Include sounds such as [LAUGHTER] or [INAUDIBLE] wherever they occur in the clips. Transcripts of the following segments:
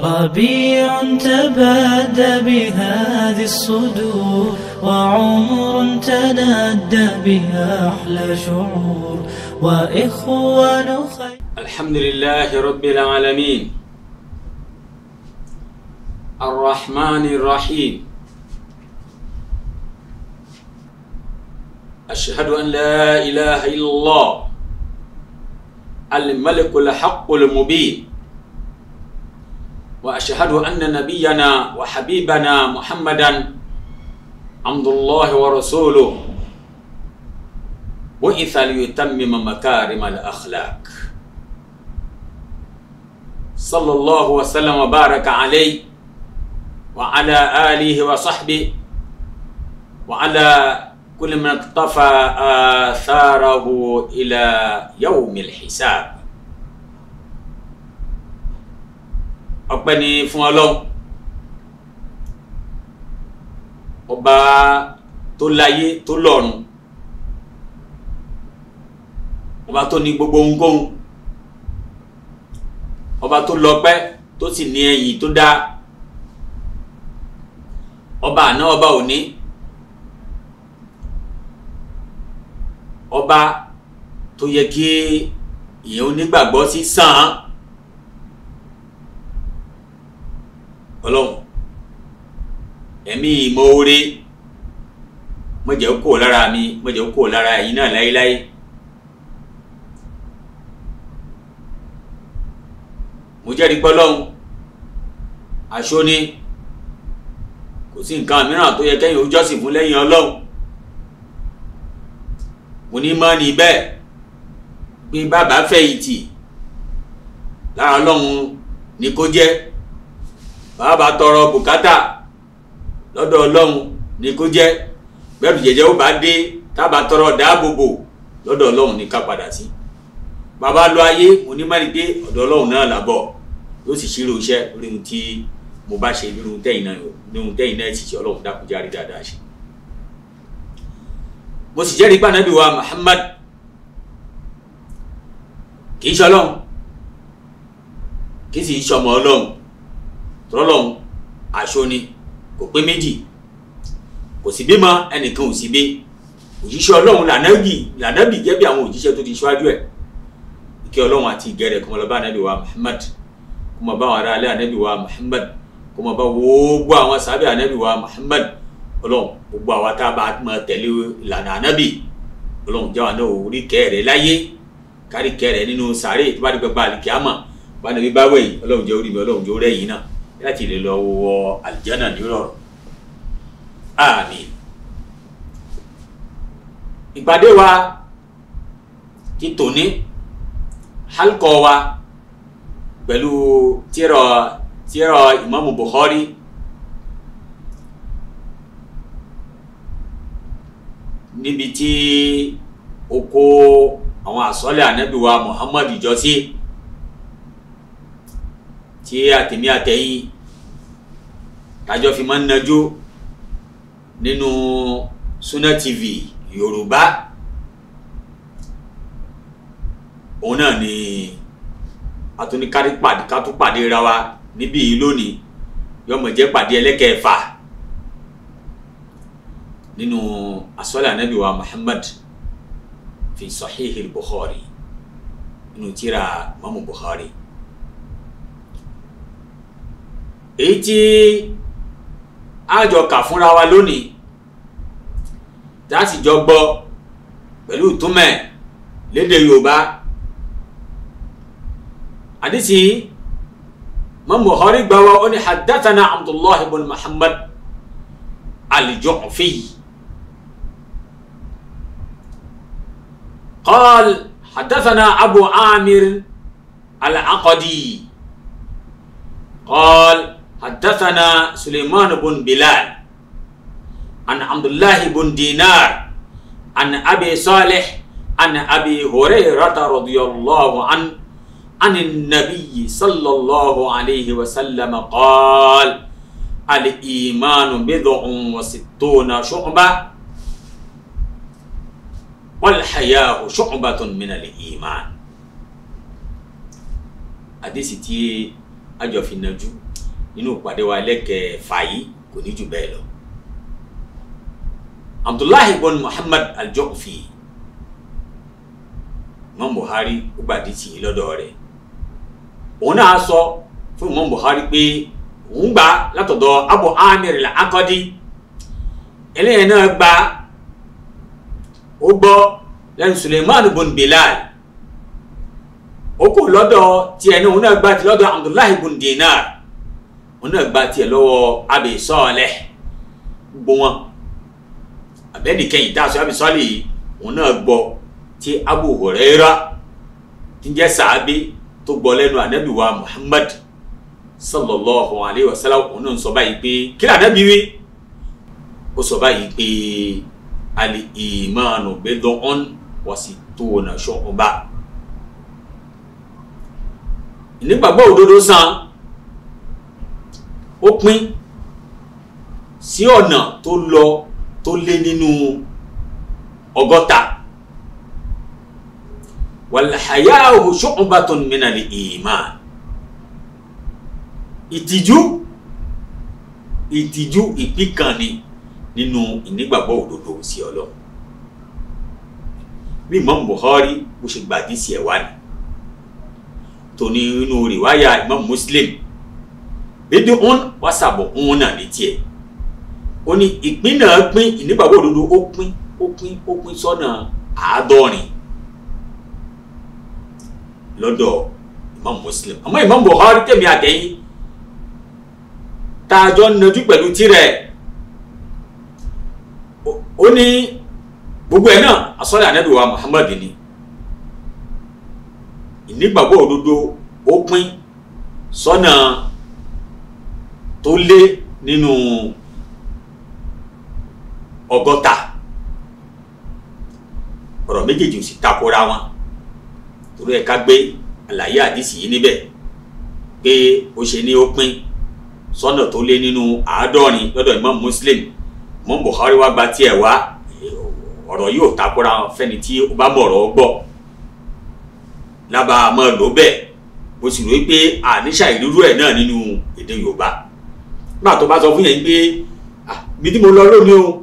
ربيع تبادى بهذه الصدور وعمر تنادى بها أحلى شعور وإخوان خير الحمد لله رب العالمين الرحمن الرحيم أشهد أن لا إله إلا الله الملك الحق المبين وأشهد أن نبينا وحبيبنا محمدا عبد الله ورسوله بعث ليتمم مكارم الأخلاق صلى الله وسلم وبارك عليه وعلى آله وصحبه وعلى كل من اقتفى آثاره إلى يوم الحساب ọpẹ́ ni fún Ọlọ́run ọba tó láyé tó lọ́run ọba tó ní gbogbo ohunkóhun ọba tó lọ́pẹ́ tó sì ní ẹ̀yìn tó dáa ọba àná ọba òní ọba tó yẹ kí ìyẹn onígbàgbọ́ sí sàn án. ọlọ́run ẹ̀mí ìmoore mọ̀jẹ̀ kó lára mi mọ̀jẹ̀ kó lára ẹ̀yin náà láéláé. mo jẹ́rìí pé ọlọ́run aṣọ kò sí nǹkan mìíràn tó yẹ kẹ́yìn ó fún lẹ́yìn ọlọ́run mo ní mọ́ ni bẹ́ẹ̀ pé bàbá fẹ̀yìntì lára ọlọ́run ni kó jẹ́ bàbá tọrọ bùkátà lọ́dọ̀ ọlọ́run ni kó jẹ́ bẹ́ẹ̀rù jẹjẹ ó bá dé tábà tọrọ dáàbòbò lọ́dọ̀ ọlọ́run ni ká padà sí bàbá lọ ayé mo ní má rí pé ọ̀dọ̀ ọlọ́run náà làbọ̀ yóò sì ṣírò iṣẹ́ orí ohun tí mo bá ṣe nínú tẹ́yìn náà nínú tẹ́yìn náà ti ṣe ọlọ́run dákúnjá dáadáa ṣe. mo sì jẹ́rìí pànábì wa Muhammad kì í ṣe ọlọ́run kì í sì í ṣọmọ ọlọ́run tọ́lọ́hún aṣọ ni kò pé méjì kò sì bímọ ẹnìkan ò sì bí òjíṣẹ́ ọlọ́run lànábì lànábì jẹ́ bí àwọn òjíṣẹ́ tó ti ṣáájú ẹ̀ ìkẹ́ ọlọ́run àti ìgẹ̀rẹ̀ kó máa lọ bá ànábì wa Muhammad kó máa bá àwọn ará alẹ́ ànábì wa Muhammad kó máa bá gbogbo àwọn sábẹ́ ànábì wa Muhammad ọlọ́run gbogbo àwa tá a bá máa tẹ̀lé ìlànà ànábì ọlọ́run jáwa náà orí kẹrẹ̀ láyé kárí kẹrẹ̀ nínú sàárè tó bá dé gbẹgbà àlìkíámà bá nàbí báwẹ̀ yìí ọlọ́run jẹ́ orí mi ọlọ́run jẹ́ orí ẹ̀yìn náà láti lè lọ wọ àlìjánà nírọ̀rùn àmín ìpàdé wa ti tòní halkọ wa pẹ̀lú tírà tírà ìmáàmù Bukhari níbi tí ó àwọn àsọ́lẹ̀ ànábì wa Muhammad jọ sí. Si tí àtẹ̀mí àtẹ̀yìn tájọ fi máa ń najó nínú Sunna TV Yorùbá òun náà ni àtúnikátúpàdé ra wa níbí yìí lónìí yọmọ jẹ́ pàdé ẹlẹ́kẹ̀ẹ́fà nínú asọ́lẹ̀ anabi wa Muhammad fi Sahih al nínú tírà Mamu Bukhari. èyí tí a jọ kà fúnra wa lónìí tá a sì jọ gbọ́ pẹ̀lú ìtúmẹ̀ lédè Yorùbá àdìsí mọ́mú ọ̀hórí gbà wá ó ní haddathana Abdullahi ibn Muhammad al-Ju'fi qal haddathana Abu Amir al-Aqadi قال حدثنا سليمان بن بلال عن عبد الله بن دينار عن أبي صالح عن أبي هريرة رضي الله عنه عن النبي صلى الله عليه وسلم قال الإيمان بضع وستون شعبة والحياة شعبة من الإيمان حديث تي أجو في النجوم nínú ìpàdé wa ẹlẹ́kẹ̀ẹ́fà yìí kò ní jù bẹ́ẹ̀ lọ. abdullahi ibn muhammad al-Ju'fi imam buhari ó gbàdí tì í lọ́dọ̀ rẹ̀ òun náà sọ fún imam buhari pé òun gbà látọ̀dọ̀ abu amir al-akadi eléyìí náà gba ó gbọ́ lẹ́nu suleiman ibn bilal ó kò lọ́dọ̀ tiẹ̀ náà òun náà gba ti lọ́dọ̀ abdullahi ibn dinar wọn náà gba tiẹ̀ lọ́wọ́ abẹ sọ́ọ̀lẹ̀ gbogbo wọn abẹ́nìkẹyìn dáṣọ abẹ sọ́ọ̀lẹ̀ yìí wọn náà gbọ́ tí Abu Huraira tí ń jẹ́ sàábí tó gbọ́ lẹ́nu ànábì wa Muhammad sallallahu alayhi wa sallam wọn náà sọ báyìí pé kí ni ànábì wí ó sọ báyìí pé ali imanu bid'un wa situna shu'ba nígbàgbọ́ òdodo san ó pín sí ọ̀nà tó lọ tó lé nínú ọgọ́ta wàlàhàyáhù ṣọ́ọ̀bátún mìíràn ìmán ìtìjú ìtìjú ìpín kan ni nínú ìnígbàgbọ́ òdodo sí ọlọ́run bí Imam Bukhari bó ṣe gbàdí sí ẹ̀wá ni tòní inú rìwáyà Imam Muslim dédé òun wàsàbọ̀ òun náà ní tiẹ̀ ó ní ìpín náà pín ìnígbàgbọ́ òdodo ó pín ó pín ó pín sọ́nà àádọ́rin lọ́dọ̀ Imam Muslim àmọ́ Imam Bukhari tẹ̀mí àtẹ̀yìn tá a jọ najú pẹ̀lú tirẹ̀ ó ní gbogbo ẹ̀ náà asọ́lẹ̀ ànábìwá Muhammad ni ìnígbàgbọ́ òdodo ó pín sọ́nà. So tó lé nínú ọgọ́ta ọ̀rọ̀ méjèèjì ò sì takora wọn torí ẹ̀ka gbé àlàyé àdìsí yìí níbẹ̀ pé ó ṣe ní ó pín sọ́nà tó lé nínú àádọ́rin lọ́dọ̀ Imam Muslim Imam Bukhari wá gba tiẹ̀ wá ọ̀rọ̀ yìí ò takora wọn fẹ́ni tí ó bá mọ̀ ọ̀rọ̀ gbọ́ lábàá máa lò bẹ́ẹ̀ mo sì rò pé àníṣà ìrírú ẹ̀ náà nínú èdè Yorùbá nígbà tó bá sọ fún yẹn pé ibi tí mo lọ lónìí o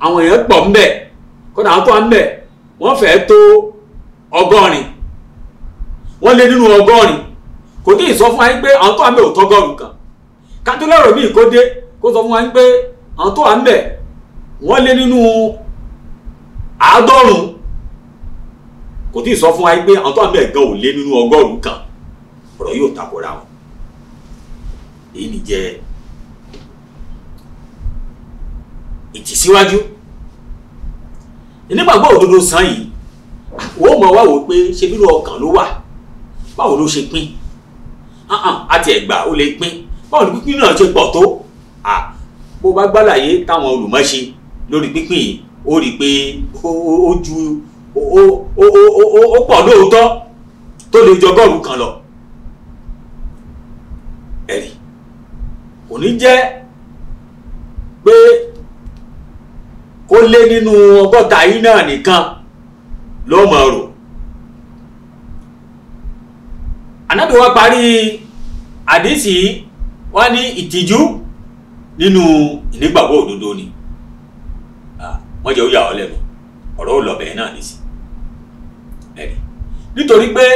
àwọn èèyàn pọ̀ ń bẹ kódà àwọn tó wà ń bẹ wọ́n fẹ́ tó ọgọ́rin wọ́n lé nínú ọgọ́rin kò tí ì sọ fún wa pé àwọn tó wà ń bẹ ò tọ́gọ́rùn kan kátólẹ́rọ̀ míì kó dé kó sọ fún wa pé àwọn tó wà ń bẹ wọ́n lé nínú àádọ́rùn kò tí ì sọ fún wa pé àwọn tó wà ń gan ò lé nínú ọgọ́rùn kan ọ̀rọ̀ yóò takora wọn èyí jẹ́ ìtìsíwájú nígbàgbọ́ òdodo sàn yìí wọ́n mọ̀ wá wò pé ṣe bírò ọkàn ló wà báwo ló ṣe pín àti ẹ̀gbà ó lè pín báwo ni pínpín náà ṣe pọ̀ tó bó bá gbàlàyé táwọn olùmọ̀ṣe lórí pínpín yìí ó rí i pé ó ju ó pọ̀ lóòótọ́ tó lè jọ bọ́ọ̀lù kan lọ ẹ̀rí kò ní jẹ́ pé kó lé nínú ọgọ́ta yìí náà nìkan ló mọ̀ rò ànábì wa parí àdìsí wa ní ìtìjú nínú ìnígbàgbọ́ òdodo ni wọ́n jẹ́ ó yà ọ́ lẹ́nu ọ̀rọ̀ ò lọ́bẹ̀ẹ́ náà nìsí nítorí pé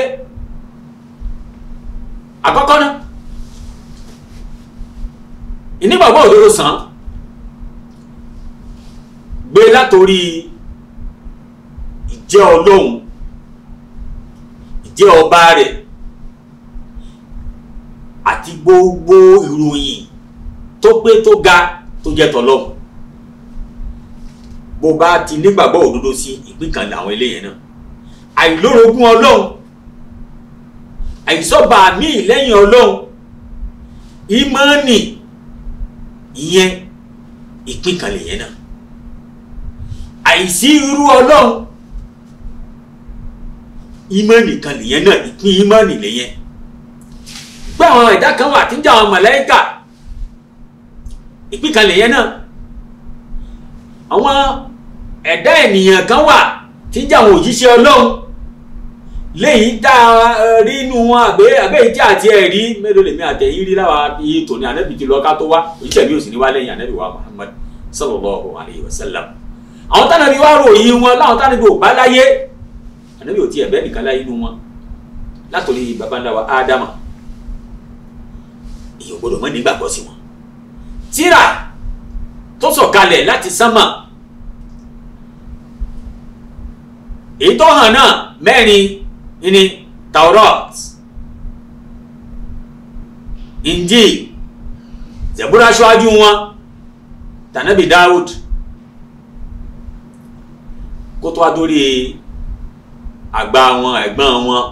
àkọ́kọ́ náà ìnígbàgbọ́ òdodo sàn gbé látòrí ìjẹ́ ọlọ́run ìjẹ́ ọba rẹ̀ àti gbogbo ìròyìn tó pé tó ga tó jẹ́ tọ́lọ́run bó bá ti nígbàgbọ́ òdodo sí ìpín kan làwọn eléyẹn náà àìlórogún ọlọ́run àìsọ́ba míì lẹ́yìn ọlọ́run ìmọ̀ọ́nì ìyẹn ìpín kan lèyẹn náà àìsí irú ọlọ́run ìmọ̀nì kan lèyẹn náà ìpín ìmọ̀nì lèyẹn gbọ́ àwọn ẹ̀dá kan wà tí ń jẹ́ àwọn màláíkà ìpín kan lèyẹn náà àwọn ẹ̀dá ènìyàn kan wà tí ń jẹ́ àwọn òjíṣẹ́ ọlọ́run lẹ́yìn tá a rí inú wọn àbẹ́ àbẹ́ tí àti ẹ̀ rí mélòó lèmi àtẹ̀yìn rí láwa iye tòní ànábì ti lọ ká tó wá òjíṣẹ́ mi ní wá lẹ́yìn ànábì wa Muhammad sallallahu alayhi wa sallam àwọn tánàbí wá ròyìn wọn láwọn tánàbí ò bá láyé ànábì ò tiẹ̀ bẹ́ẹ̀ nìkan láyé inú wọn látòrí baba wa ádámà èyí ò gbọdọ̀ mọ́ nígbàgbọ́ sí wọn tíra tó sọ̀kalẹ̀ láti sánmà èyí tó hàn náà mẹ́rin ini Taurat, Injil, Zabura aṣáájú wọn tànàbí Dawud kó tó wá dórí àgbà wọn ẹ̀gbọ́n wọn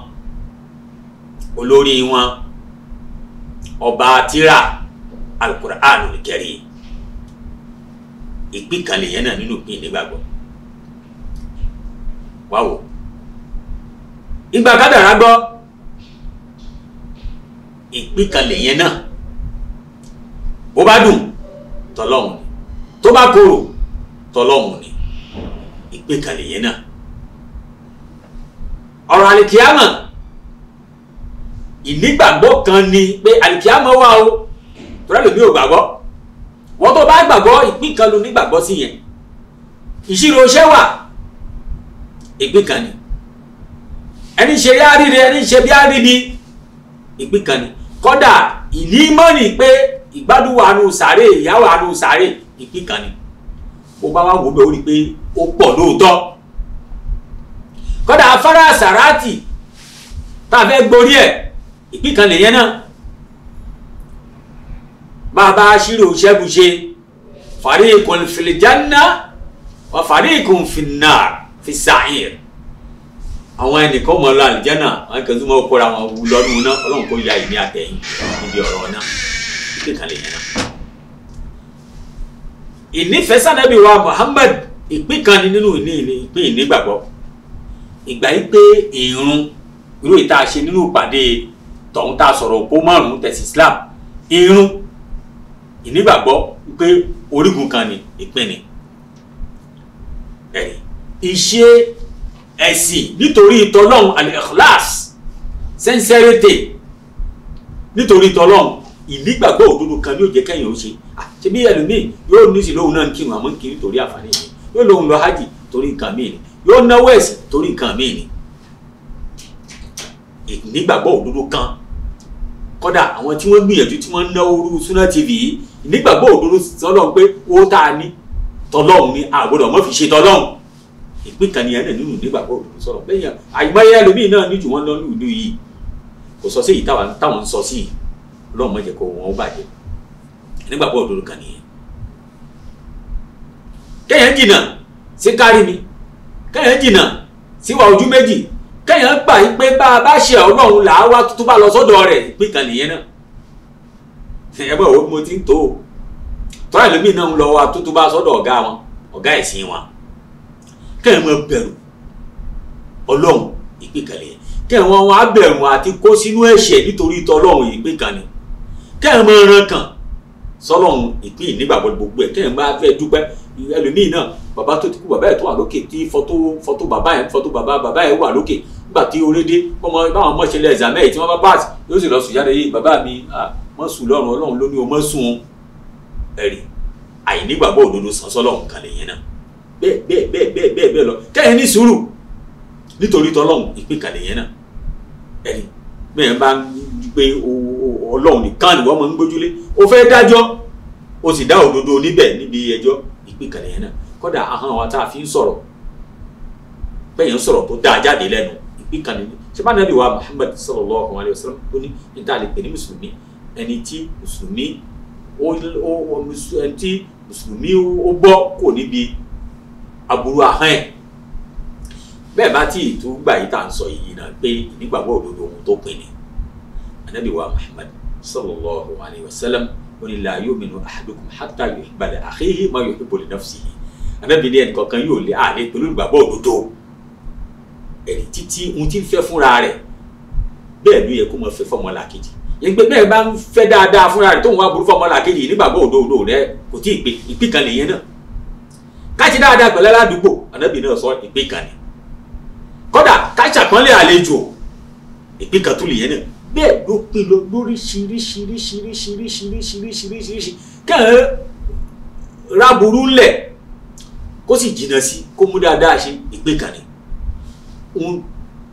olórí wọn ọba tírà alukur'an olùkẹ́rì ìpín kan lèyẹn náà nínú ìpín ìdígbàgbọ́ wáwo. Wow ìgbà kádàrá gbọ́ ìpíkalẹ̀ yẹn náà bó bá dùn tọlọ́hun ni tó bá korò tọlọ́hun ni ìpíkalẹ̀ yẹn náà ọ̀rọ̀ àlìkíyàmọ̀ ìnígbàgbọ́ kan ni pé àlìkíyàmọ̀ wà o tọ́lá lómi ò gbàgbọ́ wọ́n tó bá gbàgbọ́ ìpín kan sí yẹn ìṣirò iṣẹ́ wà ìpín ẹni ṣe rí àríbi ẹni ṣe bí àríbi ìpín kan ni kódà ìní mọ́nì pé ìgbádùn wà nù sàárè ìyá wà nù sàárè ìpín kan ni bó bá wà wò bẹ́ẹ̀ ó rí i pé ó pọ̀ lóòótọ́ kódà afárá sàràtì tá a fẹ́ gborí ẹ̀ ìpín kan lèyẹn náà bàbá aṣírò ṣẹ́gun ṣe fàríkùn fìlìjánná wà fàríkùn fìnnà fìsàyìn àwọn ẹnìkan mọ̀ lọ àlùjẹ́nà àwọn kan tún mọ̀ kóra wọn wù lọ́dún náà ọlọ́run kò ya ìní àtẹ̀yìn níbi ọ̀rọ̀ náà ìdí kan lè yẹn náà. ìnífẹ̀sánẹ́bí wa Muhammad ìpín kan ni nínú ìní ìpín ìnígbàgbọ́ ìgbà yìí pé ìrun irú ìta ṣe nínú ìpàdé tọ̀hún tá sọ̀rọ̀ òpó márùn-ún tẹ̀sí Islam ìrun ìnígbàgbọ́ pé orígun kan ni ìpín ni ẹ̀rí ẹ̀sìn nítorí ìtọ́lọ́hún al-ikhlas sincerity nítorí ìtọ́lọ́hún ìnígbàgbọ́ òdodo kan ní òjẹ́ kẹ́yìn ó ṣe ṣe bí ẹlòmíì yóò ní sí lóhun náà ń kírun àmọ́ ń kiri torí àǹfààní yìí yóò lóhun lọ hajj torí nǹkan míì ni yóò náwó ẹ̀sìn torí nǹkan míì ni ìnígbàgbọ́ òdodo kan kódà àwọn tí wọ́n gbìyànjú tí wọ́n ń náwó rú Sunna TV yìí ìnígbàgbọ́ òdodo sọ́lọ́ pé owó tá a ní tọ́lọ́hún ni àgbọ̀dọ̀ mọ́ fi ṣe tọ́lọ́hún ìpín kan nìyẹn nínú nígbàgbọ́ òdodo sọ̀rọ̀ lẹ́yìn àyùmáyé ẹlòmíì náà ní jù wọ́n lọ lùdú yìí kò sọ sí ìtawà táwọn ń sọ sí lọ́ọ̀ mọ̀jẹ̀ kó wọn ó bàjẹ́ nígbàgbọ́ òdodo kan nìyẹn. kéèyàn jìnnà sí kárí mi kéèyàn jìnnà síwà ojú méjì kéèyàn gbà yí pé bá a bá ṣe ọlọ́run là á wá tó bá lọ sọ́dọ̀ rẹ̀ ìpín kan náà ẹ bá òwe mo ti ń tó o tọ́lá ìlú náà ń lọ wa tó bá sọ́dọ̀ kẹ́hìn mọ bẹ̀rù ọlọ́run ìgbékalẹ̀ yẹn kẹ́hìn wọn wọn á bẹ̀rù àti kó sínú ẹ̀ṣẹ̀ nítorí tọlọ́run ìgbékalẹ̀ kẹ́hìn mọ ẹran kan sọlọ́run ìpín ìnígbàgbọ́ gbogbo ẹ̀ kẹ́hìn máa fẹ́ dúpẹ́ ẹlòmíì náà bàbá tó ti kú bàbá ẹ̀ tó wà lókè tí fọ́tò fọ́tò bàbá ẹ̀ fọ́tò bàbá bàbá ẹ̀ wà lókè nígbà tí oore dé bọ́mọ báwọn ọmọ ìṣẹ̀lẹ̀ ẹ̀zàmẹ́ yìí tí wọ́n bá bá yóò sì lọ sùn jáde yìí bàbá mi mọ̀ sùn lọ́rùn ọlọ́run ló o mọ̀ sùn ẹ̀rì àìnígbàgbọ́ òdodo sàn sọ́lọ́run kan yẹn náà bẹ́ẹ̀ bẹ́ẹ̀ bẹ́ẹ̀ bẹ́ẹ̀ bẹ́ẹ̀ bẹ́ẹ̀ lọ kẹ́yìn ní sùúrù nítorí tọ́lọ́hún ìpínkàlẹ̀ yẹn náà ẹni bẹ́ẹ̀ bá gbé ọlọ́hún nìkan ni wọ́n mọ̀ ń gbójúlé o fẹ́ dájọ́ o sì dá òdodo níbẹ̀ níbi ẹjọ́ ìpínkàlẹ̀ yẹn náà kódà ahọ́n wa tá a fi ń sọ̀rọ̀ bẹ́ẹ̀ yẹn sọ̀rọ̀ tó dáa jáde lẹ́nu ìpínkàlẹ̀ yẹn sẹ́bá nàbí wa Muhammad sallallahu alayhi wa sallam ó ní níta lè pè ní mùsùlùmí ẹni tí mùsùlùmí ó ẹni tí mùsùlùmí ó gbọ́ kò níbi aburú ahọ́n ẹ̀ bẹ́ẹ̀ bá tí ìtú gbà yìí tá à ń sọ yìí náà pé ìnígbàgbọ́ òdodo ohun tó pin ni anabi wa muhammad sallallahu alayhi wa sallam ó ní la yu'minu ahadukum hatta yuhibba li akhihi ma yuhibbu li nafsihi anabi ní ẹnì kankan yóò lé àlè pẹ̀lú ìgbàgbọ́ òdodo ẹ̀rí títí ohun tí ń fẹ́ fúnra rẹ̀ bẹ́ẹ̀ ló yẹ kó máa fẹ́ fọmọlàkejì yẹn pé bẹ́ẹ̀ bá ń fẹ́ dáadáa fúnra rẹ̀ tóun wá burú fọmọlàkejì ìnígbàgbọ́ òdodo rẹ̀ kò tí ì pé ìpín kan lèyẹn náà káṣí dáadáa pẹ̀lú aládùúgbò ànábì náà sọ ìpín kan ni kódà káṣí àpọ́nlé àlejò ìpín kan tún lè yẹn náà bẹ́ẹ̀ ló pín lọ lóríṣiríṣiríṣiríṣiríṣiríṣiríṣiríṣi kẹ́hìn ráburú ńlẹ̀ kó sì jìnnà sí kó mú dáadáa ṣe ìpín kan ni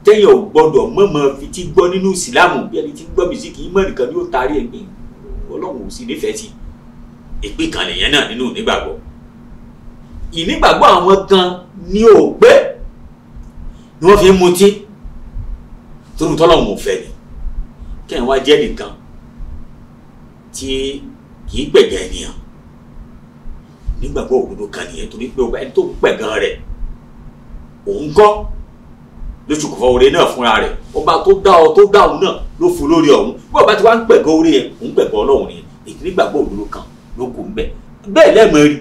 téèyàn ò gbọdọ̀ mọ̀mọ́ fití gbọ́ nínú ìsìlámù bí ẹni tí ń gbọ́ mìsíkì ìmọ̀ nìkan ni ó taari ẹ̀gbìn ọlọ́run ò sì nífẹ̀ẹ́ sí ìpín kan nìyẹn náà nínú ìnígbàgbọ́ ìnígbàgbọ́ àwọn gan ni ò pé ni wọ́n fi ń mutí torí tọ́lọ́hún ò fẹ́ ni kẹ́hìn wá jẹ́ nìkan tí kì í gbẹ̀gàn ènìyàn nígbàgbọ́ òdodo kan nìyẹn torí pé ẹni tó gbẹ̀gàn rẹ̀ òun kọ́ lóṣù kò fọ oore náà fúnra rẹ̀ ọba tó dá ọ tó dá òun náà ló fún lórí ọ̀hún bí ọba ti wá ń pẹ̀gọ́ orí ẹ̀ òun pẹ̀gọ́ ọlọ́run nìyẹn èyí nígbàgbọ́ òdodo kan ló kù ń bẹ̀ bẹ́ẹ̀ lẹ́ẹ̀mọ́ rí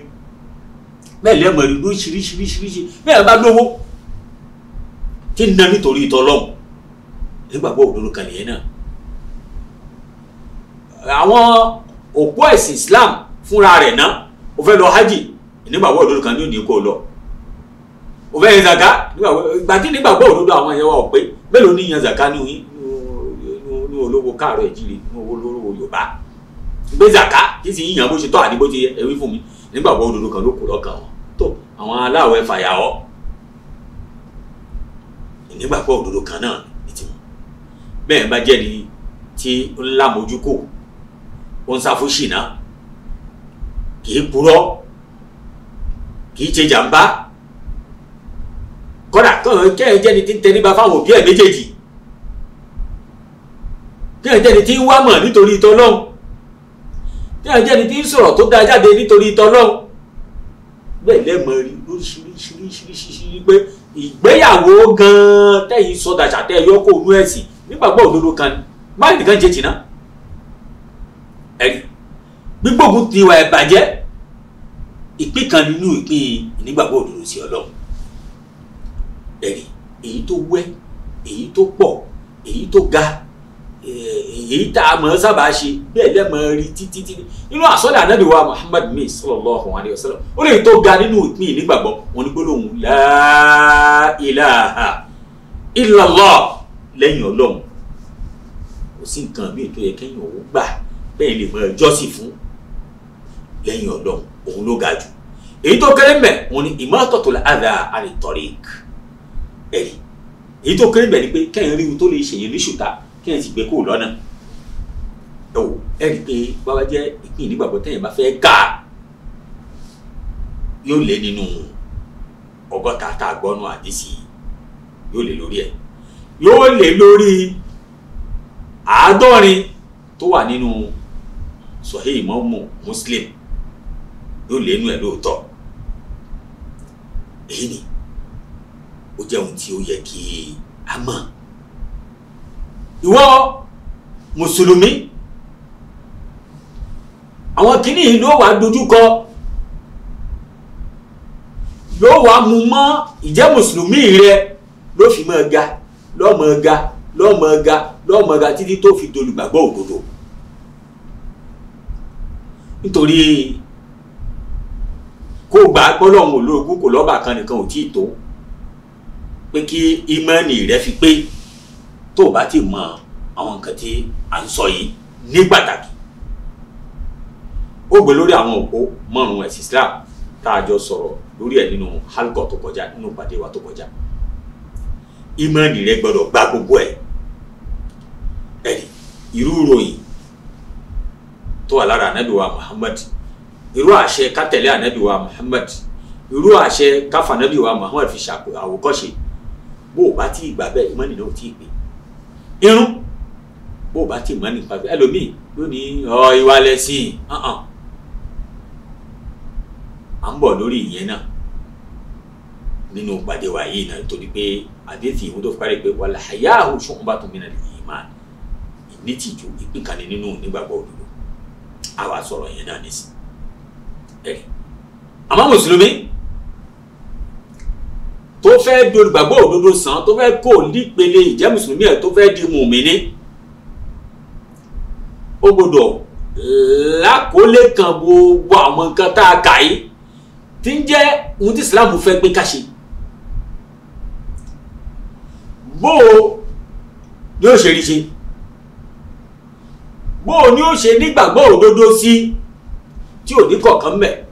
bẹ́ẹ̀ lẹ́mọ̀ rí lóríṣiríṣiríṣi bẹ́ẹ̀ bá lówó tí ń na nítorí ìtọ́ lọ́hùn nígbàgbọ́ òdodo kan nìyẹn náà àwọn òpó ẹ̀sìn Islam fúnra rẹ̀ náà o fẹ́ lọ hajj nígbàgbọ́ òdodo kan ní òní kó lọ o fẹ́ yan zaka gbàtí nígbàgbọ́ òdodo àwọn ẹ̀yẹ wa ò pé mélòó ní yan zaka ní olówó káàárọ̀ ìjìnlẹ̀ ní owó olówó Yorùbá gbé zaka kí sì yíyan bó ṣe tọ́ àdìbò ti ẹ̀wí fún mi nígbàgbọ́ òdodo kan ló kó lọ́kàn wọn tó àwọn aláwẹ̀ fàyàwọ́ ìnígbàgbọ́ òdodo kan náà ní tiwọn bẹ́ẹ̀ bá jẹ́ ni tí ń lámojúkò ó ń sáfúnṣìnà kì í purọ́ kì í ṣe jàǹbá kódà kọ́nà kẹ́hìn jẹ́ni tí ń tẹríba fáwọn òbí ẹ̀ méjèèjì kẹ́hìn jẹ́ni tí ń wá mọ̀ nítorí ìtọ́lọ́hún kẹ́hìn jẹ́ni tí ń sọ̀rọ̀ tó dáa jáde nítorí ìtọ́lọ́hún bẹ́ẹ̀ lẹ́ẹ̀mọ rí lóríṣiríṣiríṣiríṣi pé ìgbéyàwó gan-an tẹ̀yìn sọdàṣà tẹ̀ yọ kó ẹ̀sìn nígbàgbọ́ òdodo kan báyìí nìkan jẹ́ tìǹà ẹ̀rí gbígbógun ti ìbàjẹ́ ìpín kan nínú ìpín ìnígbàgbọ́ òdodo sí ọlọ́run ẹ̀rí èyí tó wẹ́ èyí tó pọ̀ èyí tó ga èyí tá a mọ̀ sábà ṣe bẹ́ẹ̀ lẹ́mọ̀ rí títí títí nínú àsọ́lẹ̀ ànábì wa muhammad mi sallallahu alayhi wa sallam ó lè tó ga nínú ìpín ìnígbàgbọ́ wọn ni gbólóhùn la ilaha illallah lẹ́yìn ọlọ́run kò sí nǹkan míì tó yẹ kẹ́yìn òun gbà bẹ́ẹ̀ lè mọ jọ́sìn fún lẹ́yìn ọlọ́run òun ló ga jù èyí tó kéré mẹ́ wọn ni imatatul adha anit ẹ̀rí èyí tó kéré mẹ́ ni pé kẹ́yìn rí ohun tó lè ṣèyí ní ṣùtá kí ẹ sì gbé kúrò lọ́nà ẹ wò ẹ rí i pé bàbá jẹ́ ìpín ìdígbàgbọ́ tẹ̀yìn bá fẹ́ ga yóò lé nínú ọgọ́ta tá a gbọ́nú àdísì yóò lé lórí ẹ̀ yóò lé lórí àádọ́rin tó wà nínú Sahih Imamu Muslim yóò lé nínú ẹ̀ lóòótọ́ èyí ni ó jẹ́ ohun tí ó yẹ kí a mọ̀ ìwọ mùsùlùmí àwọn kìíní yìí ló wàá dojúkọ ló wàá mú mọ́ ìjẹ́ mùsùlùmí rẹ ló fi máa ga lọ́mọ ga lọ́mọ ga lọ́mọ ga títí tó fi dolùgbàgbọ́ òdodo nítorí kó gbà gbọ́lọ́hún olóògùn kò lọ́ba kan nìkan ò tí ì tó pé kí ìmánì rẹ fi pé tó o bá ti mọ àwọn nǹkan tí à ń sọ yìí ní pàtàkì ó gbé lórí àwọn òpó márùn ẹ̀sìn Islam tá a jọ sọ̀rọ̀ lórí ẹ̀ nínú halkọ̀ tó kọjá nínú pàdé wa tó kọjá ìmọ̀ọ́nì rẹ gbọ́dọ̀ gba gbogbo ẹ̀ ẹ̀rí irú ìròyìn tó wà lára ànábì wa Muhammad irú àṣẹ ká tẹ̀lé ànábì wa Muhammad irú àṣẹ káfànábì wa Muhammad fi ṣàkóso àwòkọ́ṣe bó o bá tí gbà bẹ́ẹ̀ ìmọ̀ọ́nì náà ò tí ì pè é irun bó o bá ti mọ̀ nípa ẹlòmíì yóò ní ọ ìwà lẹ́sìn hàn à ń bọ̀ lórí ìyẹn náà nínú pàdé wa yìí náà torí pé àdéhùn ìwé tó parí pé wàlá àyà oṣù kan bá tún mí náà tó fẹ́ di olùgbàgbọ́ òdodo sàn tó fẹ́ kó nípele ìjẹ́ mùsùlùmí ẹ̀ tó fẹ́ di mùmíní ó gbọ́dọ̀ lákòólé kan gbogbo àwọn nǹkan tá a kà yìí tí ń jẹ́ ohun tí Islam fẹ́ pé ká ṣe bó o yóò ṣe rí ṣe bó o ní ó ṣe nígbàgbọ́ òdodo sí tí ò ní kọ̀ọ̀kan mẹ́ẹ̀.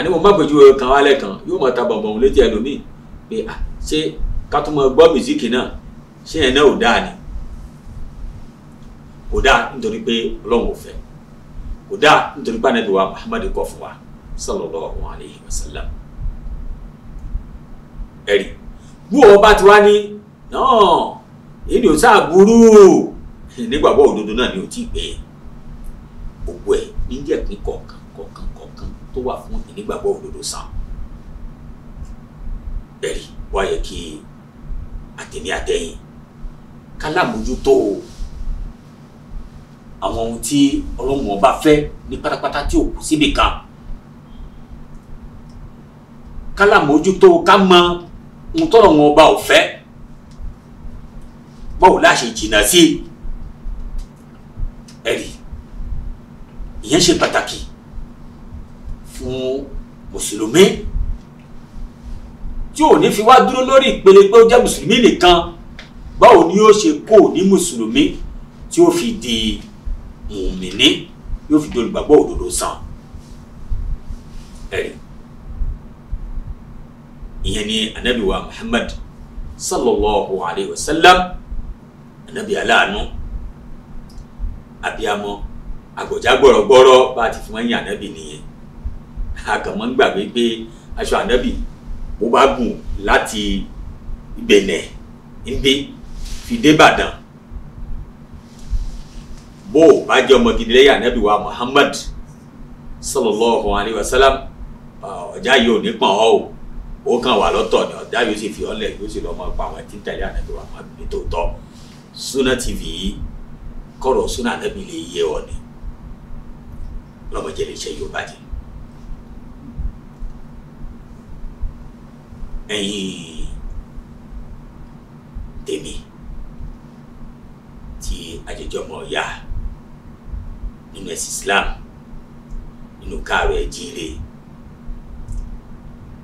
àní mo má pèjú kan wálẹ̀ kan yóò máa ta bọ̀bọ̀ òun létí ẹlòmíì pé à ṣé ká tún máa gbọ́ mìsíkì náà ṣé ẹ̀ náà ò dáa ni kò dáa nítorí pé ọlọ́run ò fẹ́ kò dáa nítorí pé ànábì wa Muhammad kọ̀ fún wa sallallahu alayhi wa sallam ẹ̀rí bú ọ bá ti wá ní náà èyí ni ò sáà burú nígbàgbọ́ òdodo náà ni ò tí ì pé gbogbo ẹ̀ níjẹ̀pín kọ̀ọ̀kan kọ̀ọ̀kan tó wà fún ìnígbàgbọ́ òdodo san bẹ́ẹ̀ni wá yẹ kí àtẹ̀ní àtẹ̀yìn kálámójútó àwọn ohun tí ọlọ́run ọba fẹ́ ní pátápátá tí ò kù síbi kan kálámójútó ká mọ ohun tọ́lọ̀ wọn ọba ò fẹ́ báwo la ṣe jìnnà sí ẹ̀rí ìyẹn ṣe pàtàkì fún mùsùlùmí tí ò ní fi wá dúró lórí ìpele pé ó jẹ́ mùsùlùmí nìkan báwo ni yóò ṣe kó ní mùsùlùmí tí ó fi di mùmíní yóò fi di olùgbàgbọ́ òdodo sàn ẹ̀rí ìyẹn ni anabi wa muhammad sallallahu alayhi wa sallam anabi aláàánú abiyamọ àgọ̀já gbọ̀rọ̀gbọ̀rọ̀ bá a ti fi wọ́n yàn anabi nìyẹn àkànmọ́ ń gbàgbé pé aṣọ ànábì bó bá gùn láti Benin ndé fi dé Ìbàdàn bó o bá jẹ́ ọmọ gidi ànábì wa Muhammad sallallahu alayhi wa sallam ọjà yìí ò ní pọ̀n ọ́ o ó kàn wà lọ́tọ̀ ni ọjà yóò sì fi ọ́ lẹ̀ yóò sì lọ́ọ́ máa pa àwọn tí tẹ̀lé ànábì wa Muhammad ní tòótọ́ TV yìí kọ̀rọ̀ Sunna ànábì lè yé ọ ni lọ́mọdé lè ṣe yóò bàjẹ́. ẹ̀yin tèmi tí ajẹjọmọ ọ̀yà nínú ẹ̀sìn Islam nínú káàrọ̀ ẹ̀jíire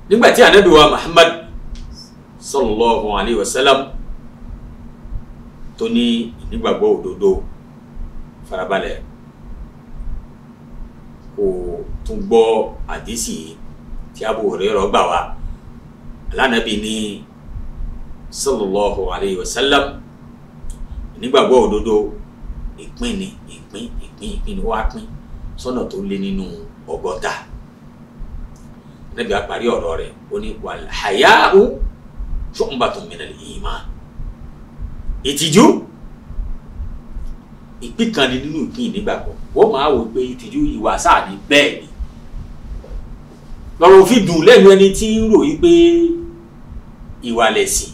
nígbà tí ànábì Muhammad sallallahu alayhi wa sallam tó ní ìnígbàgbọ́ òdodo farabalẹ̀ kò tún gbọ́ àdísì tí Abu Hurairah gbà wá alánàbì ní sallallahu alayhi wa sallam nígbàgbọ́ òdodo ìpín ni ìpín ìpín ìpín ni wọ́n á pín sọ́nà tó lé nínú ọgọ́ta níbi àparí ọ̀rọ̀ rẹ̀ ó ní wàlhàyáhù ṣọ́nbàtún minal iman ìtìjú ìpín kan ni nínú ìpín ìnígbàgbọ́ wọ́n máa wò pé ìtìjú ìwà sáà bẹ́ẹ̀ ni lọ́rọ̀ fi dùn lẹ́nu ẹni tí ń ròyìn pé ìwà lẹ̀sìn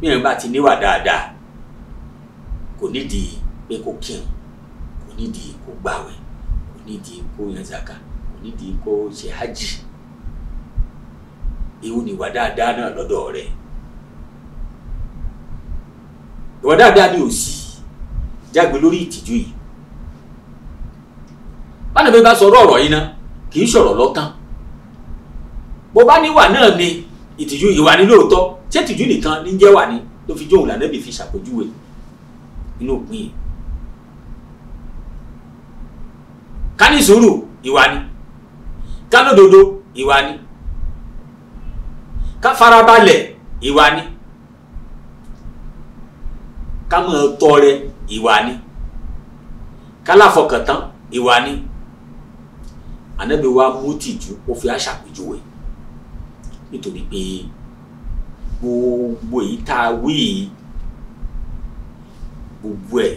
bí ẹ̀rọ bá ti níwà dáadáa kò nídìí pé kó kírun kò nídìí kó gbàwẹ̀ kò nídìí kó yan kò nídìí kó ṣe hajj ewu ni ìwà dáadáa náà lọ́dọ̀ rẹ̀ ìwà dáadáa ni òsì jágbe lórí ìtìjú yìí bá nàbẹ́ bá sọ ọ̀rọ̀ ọ̀rọ̀ yìí ná kì í sọ̀rọ̀ lọ́tàn bó bá níwà náà ni ìtìjú ìwà ni lóòótọ́ ṣé ìtìjú nìkan ní jẹ́ wà ní ló fi jóun lànàbì fi ṣàpèjúwe inú òpin yìí ká ní sùúrù ìwà ni ká lódodo ìwà ni ká farabalẹ̀ ìwà ni ká mọ̀ tọrẹ ìwà ni ká láfọkàntán ìwà ni ànábì mú tìjú ó fi àṣà péjúwe nítorí pé gbogbo èyí tá a wí gbogbo ẹ̀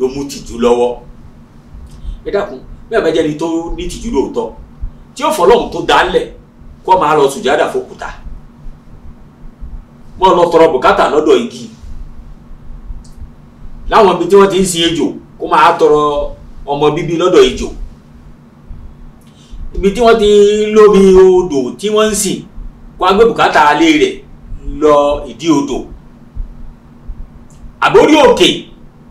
ló mú tìjú lọ́wọ́ ẹ dákun bí àbájáde tó ní tìjú lóòótọ́ tí ó fọlọ́hún tó dálẹ̀ kó máa lọ sùjádà fòkúta mọ́ lọ tọrọ bùkátà lọ́dọ̀ igi láwọn ibi tí wọ́n ti ń sin ejò kó máa tọrọ ọmọ bíbí lọ́dọ̀ ejò ibi tí wọ́n ti lómi odò tí wọ́n ń sìn kó a gbé bùkátà alé rẹ̀ lọ ìdí odò àbórí òkè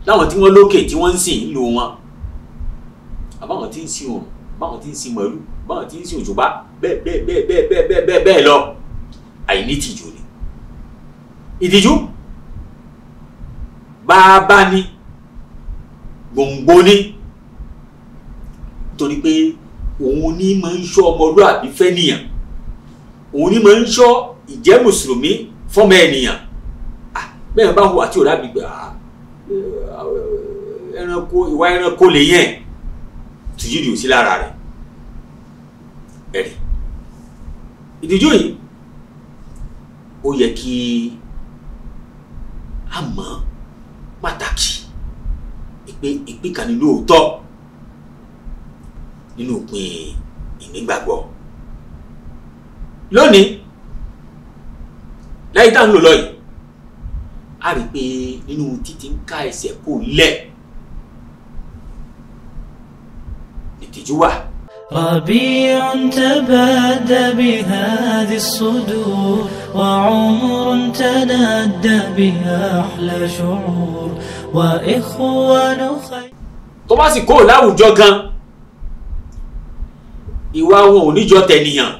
láwọn tí wọ́n lókè tí wọ́n ń sìn ńlò wọn àbáwọn tí ń sin òrùn báwọn tí ń sin màálù báwọn tí ń sin òjòbá bẹ́ẹ̀ bẹ́ẹ̀ bẹ́ẹ̀ bẹ́ẹ̀ bẹ́ẹ̀ bẹ́ẹ̀ bẹ́ẹ̀ lọ àìní tìjú ni ìtìjú bàbá ni gbòǹgbò ni torí pé òun ní máa ń ṣọ́ ọmọlúàbí fẹ́nìyàn òun ní máa ń ṣọ́ ìjẹ́ mùsùlùmí fọ́mọ ènìyàn bẹ́ẹ̀ bá hùwà tí ò dábì gbà ẹranko ìwà ẹranko lè yẹn tìjìdì ò sí lára rẹ̀ ẹ̀rí ìdíjú yìí ó yẹ kí a mọ̀ pàtàkì ìpín ìpín kan lóòótọ́ nínú òpin ìnígbàgbọ́ lónìí láyé tá à ń lò lọ́yìí a rí i pé nínú títí ń ká ẹsẹ̀ kò lẹ̀ ìtìjú wà. ربيع تبادى بهذه الصدور وعمر تنادى بها أحلى شعور وإخوان خير. tó bá sì kó ìwà wọn ò níjọ tẹnìyàn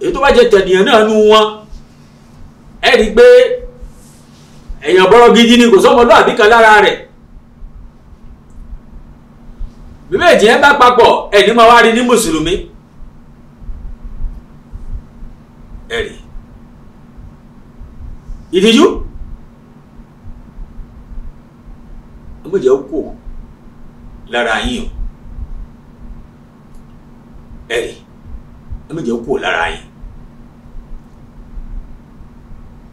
èyí tó bá jẹ tẹnìyàn náà nu wọn ẹ rí i pé èèyàn bọ́rọ̀ gidi ni kò sọ́mọlúàbí kan lára rẹ̀ bí méjì ẹ bá papọ̀ ẹni máa wá rí ní mùsùlùmí ẹ̀rí ìdíjú ọmọ ìjẹ́ kò lára yín o ẹ̀rì ẹ méje kúrò lára yín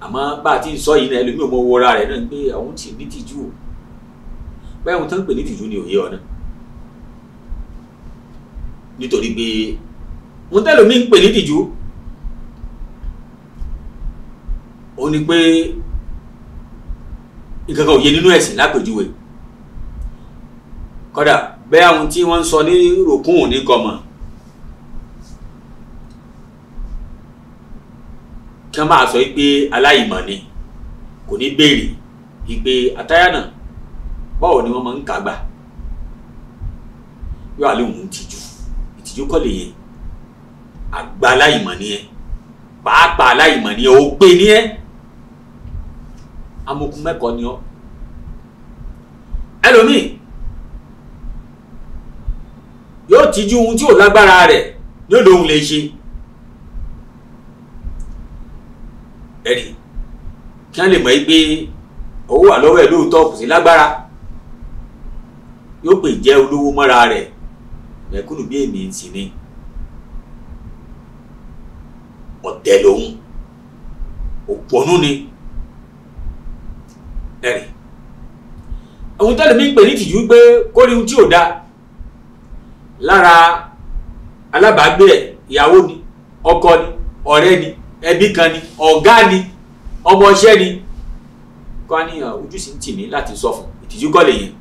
àmọ́ bá a ti sọ yìí náà ẹlòmíì ọmọ wọra rẹ̀ náà pé àwọn ti ní tìjú o báyìí wọn tó pè ní tìjú ni òye ọ̀nà nítorí pé wọn tẹ́lòmí ń pè ní tìjú ó ní pé nǹkan kan ò yé nínú ẹ̀sìn lápèjúwe kódà bẹ́ẹ̀ àwọn tí wọ́n ń sọ ní ròkún ò ní gọmọ̀ kí wọ́n máa sọ pé aláìmọ̀ ni kò ní béèrè ìpè àtayá náà báwo ni wọ́n máa ń kà gbà yóò àlè òun ìtìjú ìtìjú kọ́ lè yẹn àgbà aláìmọ̀ ni ẹ pàápàá aláìmọ̀ ni ẹ ò gbé ni ẹ amokun mẹ́kọ̀ọ́ ni ọ ẹlòmíì yóò tìjú ohun tí ò lágbára rẹ̀ yóò lóhun lè ṣe. ẹ̀rí kí wọ́n lè mọ̀ pé owó wà lọ́wọ́ ẹ̀ lóòótọ́ kò sí lágbára yóò pè jẹ́ olówó mọ́ra rẹ̀ mẹ̀kúnnù bí èmi ń sìn ní ọ̀tẹ̀ lòun òpònú ni ẹ̀rí àwọn tẹ́lẹ̀ mi ń pè ní tìjú pé kórí ohun tí ò da lára alábàágbé ẹ̀ ìyàwó ni ọkọ ni ọ̀rẹ́ ni ẹbí kan ni ọ̀gá ni ọmọọṣẹ́ ni kọ́ ní ojú sì ń tì mí láti sọ fún ìtìjú kọ́ lèyìn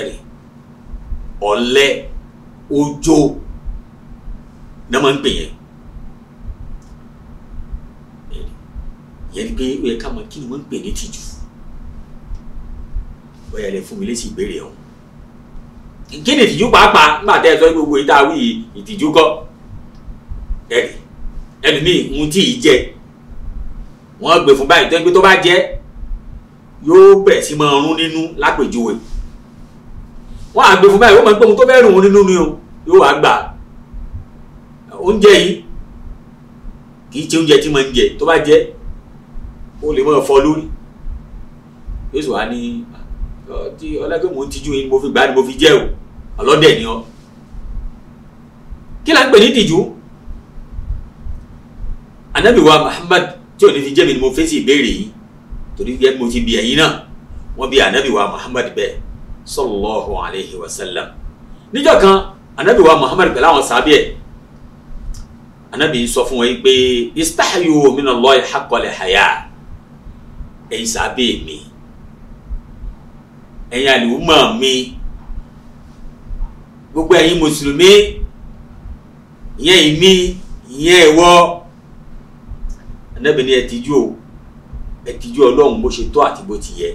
ẹ̀rì ọ̀lẹ ojó náà máa ń pè yẹn yẹn ni pé ó yẹ ká mọ kí ni wọ́n ń pè ní tìjú ó yẹ fún mi lésì ìbéèrè ọ̀hún kí ni ìtìjú pàápàá nígbà tẹ́ ẹ sọ gbogbo ìta wí ìtìjú kọ́ ẹ̀rì ẹlòmíì ń tí ì jẹ wọ́n gbé fún báyìí tó tó bá jẹ́ yóò bẹ̀rẹ̀ sí máa rún nínú lápèjúwe wọ́n á gbé fún báyìí ó máa ń pé ohun tó fẹ́ rùn nínú ni o yóò wá gbà oúnjẹ yìí kì í ṣe oúnjẹ tí mo ń jẹ tó bá jẹ ó lè máa fọ́ lórí yóò sì wá ọtí ọlọ́gbẹ́ mò ń tijú yìí mo fi gbà ni mo fi jẹ́ o ọlọ́dẹ̀ ni ọ kí là ń pè ní tìjú anabi wa muhammad tí ò ní fi jẹ́ mi ni mo fèsì ìbéèrè yìí torí gẹ́gẹ́ mo ti bi ẹ̀yin náà wọ́n bi anabi wa muhammad bẹ́ẹ̀ sallallahu alayhi wa sallam níjọ́ kan anabi wa muhammad pẹ̀lú àwọn sábẹ́ anabi sọ fún wọn pé istahyu minallahi haqqal haya ẹ̀yin sábẹ́ mi ẹ̀yin àlùmọ̀ mi gbogbo ẹ̀yin mùsùlùmí ìyẹn ìmí ìyẹn ìwọ. Ànábì ní ẹ tijú o ẹ tijú Ọlọ́run bó ṣe tọ́ àti bó ti yẹ.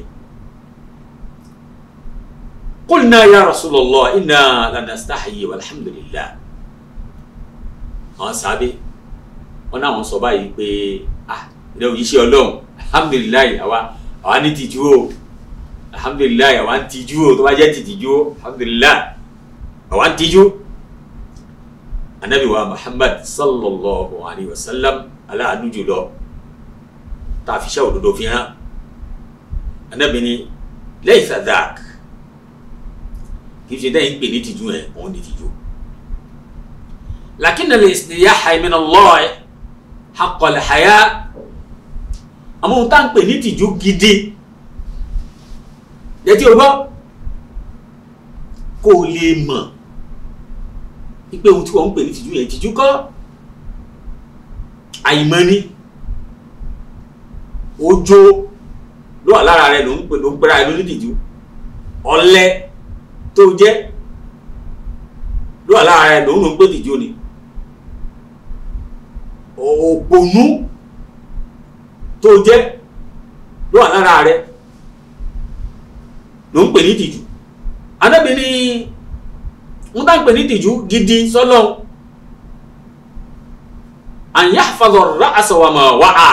qulna ya Rasulullah inna lanastahyi walhamdulillah àwọn sábẹ́ wọn náà wọn sọ báyìí pé ah ìdá òjíṣẹ́ Ọlọ́run alhamdulillah àwa àwa ní tijú o alhamdulillah àwa ń tijú o tó bá jẹ́ tìtìjú o alhamdulillah àwa ń tijú anabi wa Muhammad sallallahu alayhi wa sallam aláàánú jùlọ tá a fi ṣe òdodo fi hàn Ànábì ní lẹ́yìn sadak kì í ṣe dẹ́yìn pè ní tìjú ẹ̀ òun ní tìjú lakinna al-istiyaha min Allah haqqa al-haya àmọ́ ohun tá à ń pè ní tìjú gidi yẹtí o gbọ́ kó o lè mọ̀ pé ohun tí wọ́n ń pè ní tìjú yẹn tìjú kọ́ àìmọ́ni ojó ló wà lára rẹ ló ń pè ló ń pera rẹ lónídìjú ọ̀lẹ tó jẹ́ ló wà lára rẹ ló ń pè dìjú ni òpònú tó jẹ́ ló wà lára rẹ ló ń pè ní dìjú anábìíní ń tá ń pè ní dìjú gidi sọlọ́ọ̀ àyà fàlọ́rà àsàwàmọ̀ wà á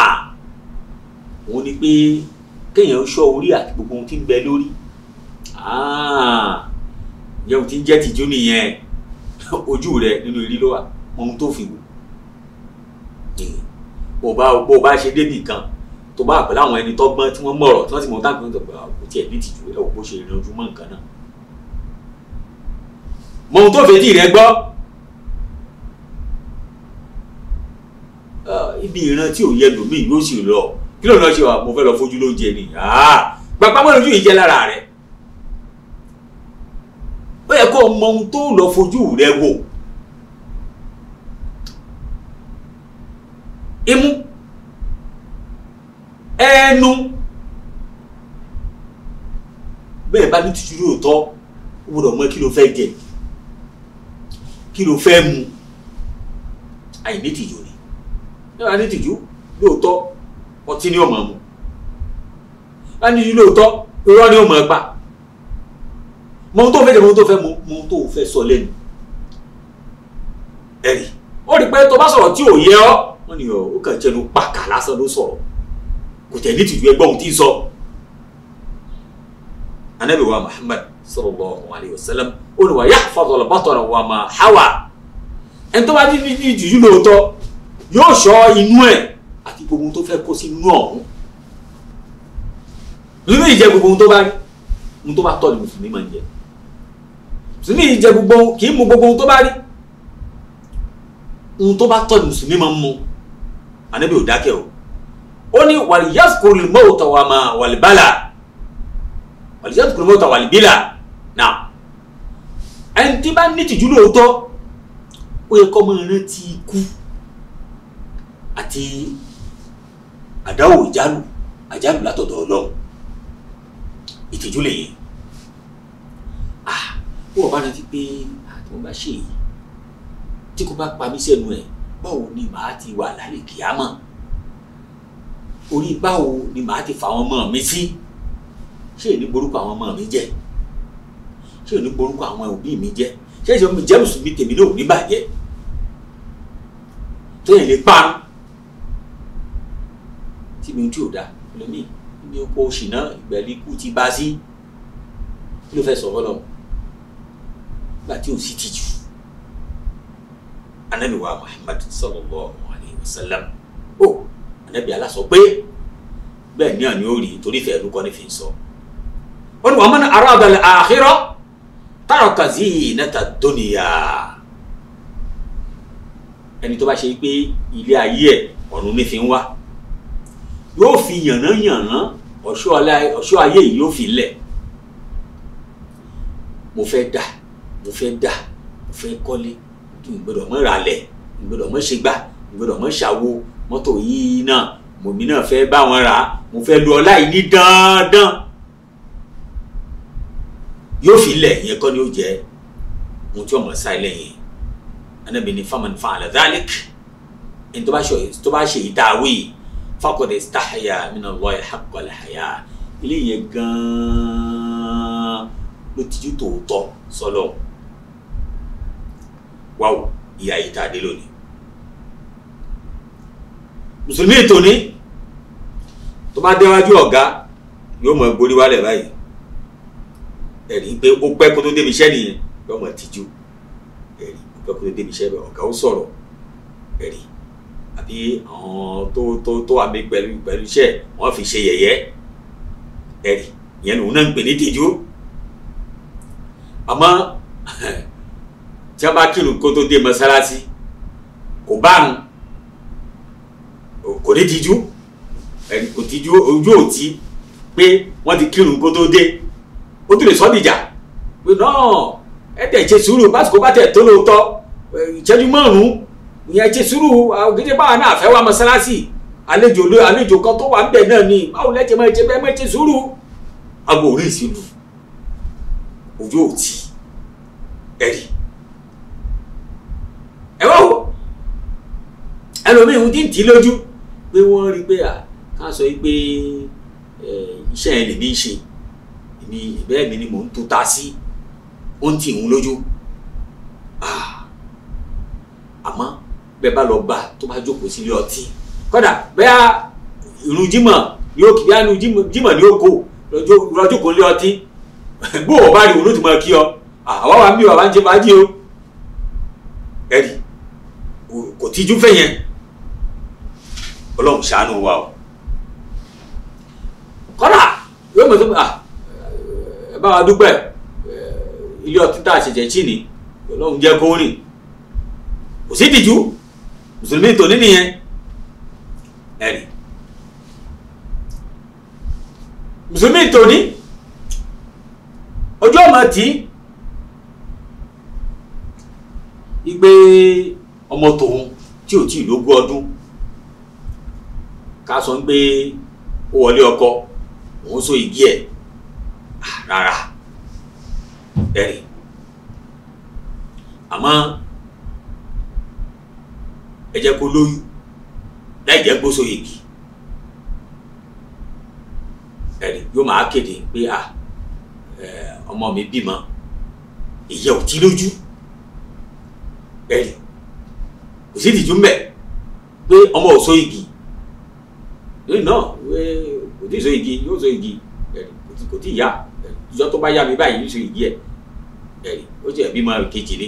òun ni pé kéèyàn ṣọ́ orí àti gbogbo ohun tí ń bẹ lórí ìyẹn ohun tí ń jẹ́ tìjú nìyẹn ojú rẹ nínú ìrí ló wà ohun tó fi wò bó bá bó bá ṣe débi kan tó bá pẹ̀lú àwọn ẹni tọ́gbọ́n tí wọ́n mọ̀rọ̀ tí wọ́n sì mọ̀ táwọn kan tọ̀gbà kò tiẹ̀ ní tìjú ẹ̀ wò bó ṣe rìn ojú mọ́ nǹkan náà. mọ ohun tó fetí rẹ gbọ́ bí ìran tí ò yẹ lòmí yóò sì lọ kí lóun náà ṣe wà mo fẹ́ lọ fojú lóúnjẹ ni gbàgbá mọ́ lójú yìí jẹ́ lára rẹ̀ ó yẹ kó o mọ ohun tó lọ fojú rẹ wò imú ẹnu bẹ́ẹ̀ bá ní tìjú lóòótọ́ ó gbọ́dọ̀ mọ kí ló fẹ́ jẹ kí ló fẹ́ mu àìní tìjú ni náà ní tìjú lóòótọ́ ọtí ni ọmọ mu a ní tìjú lóòótọ́ irọ́ ni ọmọ gbà mọ ohun tó fẹ́ jẹ mọ ohun tó fẹ́ mọ ohun tó fẹ́ sọ lẹ́nu ẹ̀rí ó rí pé tó bá sọ̀rọ̀ tí ò yẹ ọ́ wọ́n ní ó kàn jẹnu pàkà lásán ló sọ̀rọ̀ kò tẹ̀ ní tìjú ẹgbọ́n tí ń sọ anabi wa Muhammad sallallahu alayhi wa sallam ó ní wa ma hawa ẹni tó bá ní ní ìjújú lóòótọ́ yóò sọ inú ẹ̀ àti gbogbo ohun tó fẹ́ kó sínú ọ̀hún nínú ìjẹ gbogbo ohun tó bá rí ohun tó bá tọ́ ni mùsùlùmí máa ń jẹ mùsùlùmí ìjẹ gbogbo ohun kì í mu gbogbo ohun tó bá rí ohun tó bá tọ́ ni mùsùlùmí máa ń mu ànábì ò dákẹ́ o ó ní wàlíyàsukùrù mọ́wòtà wà máa wàlíbàlà wàlíyàsukùrù mọ́wòtà wàlíbìlà náà ẹni tí bá ní tìjú lóòótọ́ ó yẹ kó máa rántí ikú àti àdáwò ìjálù àjálù látọ̀dọ̀ ọlọ́run ìtìjú lè yẹn ah bí wọn bá rántí pé àti ah, wọn bá ṣe èyí tí kò bá pa mí sẹ́nu ẹ̀ báwo ni màá ti wà lálẹ́ kìámọ̀ orí báwo ni màá ti fa àwọn ọmọ mi sí ṣé èyí ní borúkọ àwọn ọmọ mi jẹ ṣé èyí ní borúkọ àwọn òbí mi jẹ ṣé èyí ní jẹ́ mùsùlùmí tèmi náà ò ní bàjẹ́ tó yẹn lè parun kíbi tí ò da lómi ní oko ṣìnà ìgbẹ̀líkù ti bá sí kí ló fẹ́ sọ fọlọ́ nígbà tí ò sí ti jù anabi wa muhammad sallallahu alayhi wa sallam ó anabi ala sọ pé bẹ́ẹ̀ ni àní ó rí torí fẹ́ lukọ ní fi sọ ó ní wàhámánà aráàbẹ̀lẹ̀ àhírọ́ tààkà sí ìnẹ́ta dóníyà ẹni tó bá ṣe pé ilé ayé ẹ̀ ọ̀run ní fi ń wá yóò fi yànnàyànnà ọ̀ṣọ́ ayé yìí yóò fi lẹ̀ mo fẹ́ dà mo fẹ́ dà mo fẹ́ kọ́lé kí n gbọ́dọ̀ mọ́ ìrànlẹ̀ n ṣègbà n gbọ́dọ̀ ṣàwo mọ́tò yìí náà mòmí náà fẹ́ bá wọn rà mo fẹ́ lu ọlá yìí ní dandan yóò fi lẹ̀ yẹn kọ́ ni ó jẹ́ ohun tí ọmọ sáà lẹ́yìn anábìíní fáwọn fáwọn àlẹ́ ẹni tó bá ṣe ìdáwé yìí faqad istahya min Allahi haqqal haya ilé yẹn gan-an ló tijú tòótọ́ sọlọ wáwò ìyá yìí tá a dé lónìí mùsùlùmí ìtòní tó bá déwájú ọ̀gá yóò mọ̀ àbí àwọn tó tó tó wà mí pẹ̀lú pẹ̀lú iṣẹ́ wọ́n fi ṣe yẹ̀yẹ́ ẹ̀rì ìyẹn lòun náà ń pè ní tìjú àmọ́ [LAUGHS] tí a bá kírun kó tó dé mọ́sálásí kò bá àrùn kò ní tìjú kò tìjú ojú òtí pé wọ́n ti kírun kó tó dé ó tún lè sọ́ dìjà pé náà ẹ̀ tẹ̀ ṣe sùúrù básìkò bá tẹ̀ tó lóòótọ́ ìṣẹ́jú márùn-ún ìyẹn ṣe sùúrù gẹ́gẹ́ báwa náà fẹ́ wá mọ́sálásì àlejò ló àlejò kan tó wà ń bẹ̀ náà ni báwo lẹ́jẹ̀ máa ṣe bẹ́ẹ̀ máa ṣe sùúrù aago orí ìsìnlù òjò òtí ẹ̀rí ẹ wá wò ẹlòmíì ń dín tì lójú pé wọ́n rí pé ká sọ pé iṣẹ́ yẹn lèmi ń ṣe èmi bẹ́ẹ̀ mi ni mò ń tuta sí ó ń tì í lójú àmọ́ bẹ́ẹ̀ bá lọ bá tó bá jókòó sílé ọtí kódà bẹ́ẹ̀ ìrun jímọ̀ ni ó kì bí àánú jímọ̀ ni ó kó lọ́jọ́ kò lé ọtí bó o bá rí òun ló ti mọ̀ kí ọ àwa wa ń bí bàbá ń jẹ fàájì o ẹ̀rí kò tíjú fẹ́ yẹn ọlọ́run ṣàánú wa o kódà yóò mọ̀ tó ẹ bá wa dúpẹ́ ilé ọtí tá a ṣẹ̀ṣẹ̀ chì ní ọlọ́run jẹ́ kó rìn kò sí ìdíjú mùsùlùmí tòní nìyẹn ẹ̀rí mùsùlùmí tòní ojú ọmọ tí igbe ọmọ tòun tí ò tí ì lógún ọdún ká sọ ń gbé ó wọlé ọkọ òun so igi ẹ ah, rárá ẹ̀rí àmọ́ ẹ jẹ́ kó lóyún láì jẹ́ gbóso yìgì ẹ̀rí yóò máa kéde pé à ọmọ mi bímọ ìyẹ́ ò tí lójú ẹ̀rí kò sí ìdíjú mbẹ̀ pé ọmọ ò so yìgì lóyún náà kò tí ì so yìgì yóò so yìgì ẹ̀rí kò tí ì yá ìjọ tó bá yá mi báyìí yóò so yìgì ẹ̀ ẹ̀rí ó jẹ́ bímọ kejì ni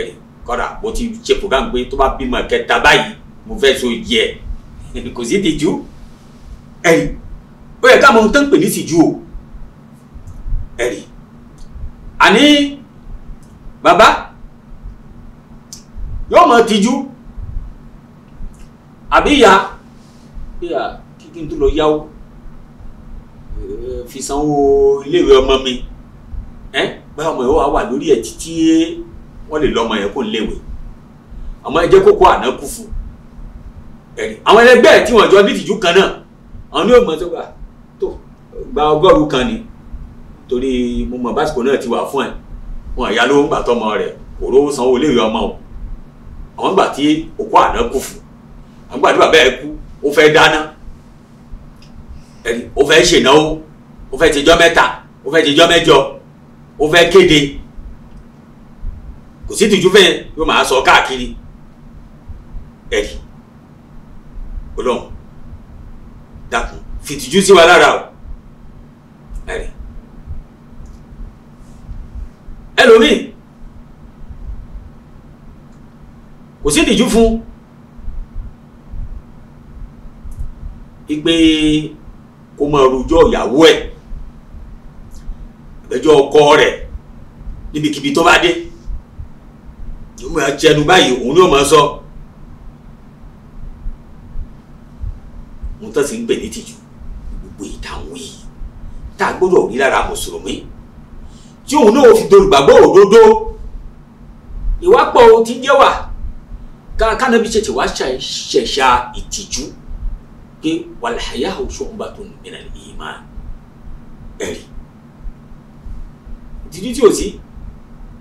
ẹ̀rí kọ́dà mo ti ṣe program pé tó bá bímọ kẹta báyìí mo fẹ́ so yẹ [LAUGHS] kò sí ìtìjú ẹ̀rí ó yẹ ká mọ ohun tó ń pè ní ìtìjú o ẹ̀rí àní bàbá yóò mọ tìjú àbí ìyá ìyá kí n tó lọ yáwó fi sanwó iléèwé ọmọ mi báwo ọmọ yóò wá wà lórí ẹ̀ títí wọ́n lè lọ́mọ yẹn kó ń léwe àmọ́ ẹ jẹ́ kókó àná kú fún ẹ̀rí àwọn ẹlẹgbẹ́ ẹ̀ tí wọ́n jọ ní ìtìjú kan náà àwọn ní òmùmọ̀ tó gbà tó gba ọgọ́rùú kan ni torí mo mọ̀ básìkò náà ti wà fún ẹ̀ wọn àyà ló ń gbà tọmọ rẹ̀ kò rówó sanwó léwe ọmọ o àwọn gbà tí òkú àná fún àwọn gbà tí bàbá ẹ kú ó fẹ́ dáná ẹ̀rí ó fẹ́ ṣènáwó ó fẹ́ tijọ́ mẹ́ta ó fẹ́ tijọ́ mẹ́jọ ó fẹ́ kéde kò sí ìtìjú bẹ́ẹ̀ yóò máa sọ káàkiri ẹ̀rí ọlọ́run dákun fìtìjú sí wa lára o ẹ̀rí ẹlòmíì kò sí ìtìjú fún igbe kó máa rojọ́ ìyàwó ẹ̀ ẹjọ́ ọkọ rẹ̀ níbikíbi tó bá dé máa jẹnu báyìí òun yóò máa sọ ohun tó ti ń bẹ ní tìjú gbogbo ìdáhùn yìí tá a gbọ́dọ̀ rí lára mùsùlùmí tí òun náà fi dolùgbàgbọ́ òdodo ìwápọ̀ ti jẹ́ wà kánábí ṣètì wá ṣẹ̀ṣà ìtìjú pé wàlàyé àwòṣọ ọba tó ní mìíràn ẹ̀rí ìtìjú tí ò sí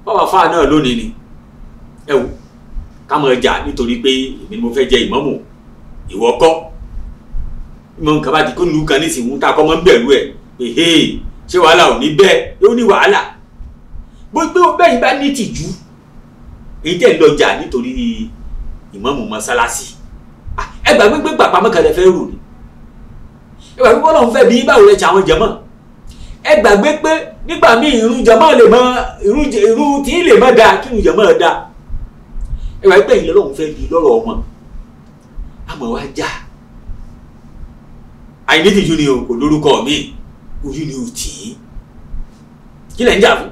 bàbá fáà náà lónìí ni ẹ wò ká máa jà nítorí pé èmi ni mo fẹ́ jẹ ìmáàmù ìwọ kọ́ ìmọ̀ nǹkan bá di kó nìlú kan nísìnyí ń ta kọ́ mọ́ ń bẹ̀rù ẹ̀ pé hey ṣé wàhálà ò ní bẹ́ẹ̀ yóò ní wàhálà gbogbo bẹ́yìn bá ní tìjú èyí tẹ̀ ń lọ jà nítorí ìmáàmù mọ́sálásí ẹ gbàgbé pé pàpà mọ́kànlẹ̀ fẹ́ rò ní ẹ gbàgbé pé ọlọ́run fẹ́ bí báwo lẹ ṣe àwọn jẹ̀mọ́ ẹ gbàgbé pé nígbà míì irun jẹ̀mọ́ lè mọ irun tí lè mọ dáa kí irun jẹ̀mọ́ dáa ẹ wá gbẹ̀yìn lọ́lọ́run fẹ́ bi lọ́rọ̀ ọmọ àmọ́ wa já àìnítìjú ni kò lórúkọ mi ojú ni o tì í kí lẹ̀ ń jà fún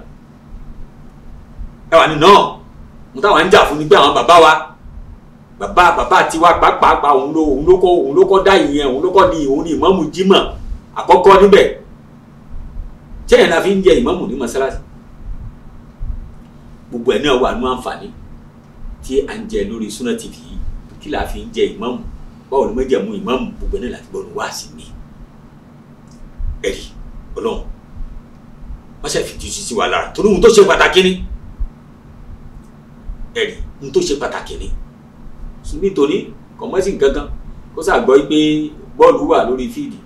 ẹ wà náà mo táwọn ń jà fún ni àwọn bàbá wa bàbá bàbá tiwa pàápàá òun ló òun ló kọ́ òun ló kọ́ dá ìyẹn òun ló kọ́ ní òun ní ìmámù jímọ̀ àkọ́kọ́ níbẹ̀ ṣé yẹn la fi ń jẹ ìmámù ní mọ́sálásí gbogbo ẹ̀ náà wà ní àǹfààní tí à ń jẹ lórí Sunna TV kí la fi ń jẹ ìmáàmù báwo ni mẹ́jẹ̀mú ìmáàmù gbogbo náà láti gbọ́dọ̀ wá sí mi ẹ̀rí ọlọ́run wọ́n ṣe fìdí sí wa lára torí ohun tó ṣe pàtàkì ni ẹ̀rí ohun tó ṣe pàtàkì ni nítorí kọ̀mọ́sí gangan kó sàgbọ́ pé bọ́ọ̀lù wà lórí fíìdì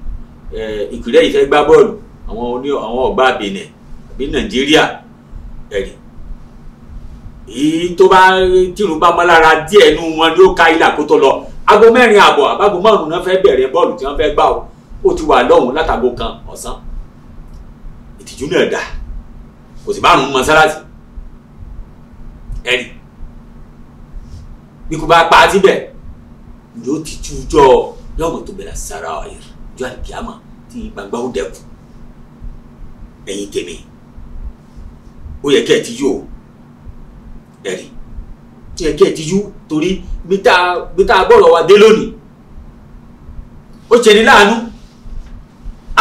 ìpínlẹ̀ ìfẹ́ gbá bọ́ọ̀lù àwọn ọ̀gbá Benin àbí Nàìjíríà ẹ̀rí èyí tó bá tìrún bá mọ́ lára díẹ̀ nú wọn ni ó ka ilà kó tó lọ aago mẹ́rin àbọ̀ àbágo márùn-ún náà fẹ́ bẹ̀rẹ̀ bọ́ọ̀lù tí wọ́n fẹ́ gbà ó ó ti wà lọ́hùn látàgò kan ọ̀sán ìtìjú náà dà kò sì márùn-ún mọ́sálásì ẹ̀rì bí kò bá pa á síbẹ̀ yóò ti tú jọ yóò mọ̀ tó bẹ̀rẹ̀ sára ọ̀yẹ̀rì jọ àlùkìyàmọ̀ tí gbangba ó dẹ̀kù ẹ̀yin tèmi ó yẹ kẹ́ ẹ̀ ti yóò ẹ̀rí tí ẹ kí ẹ ti yú torí bí tá a bọ̀rọ̀ wa dé lónìí ó ṣe ní láàánú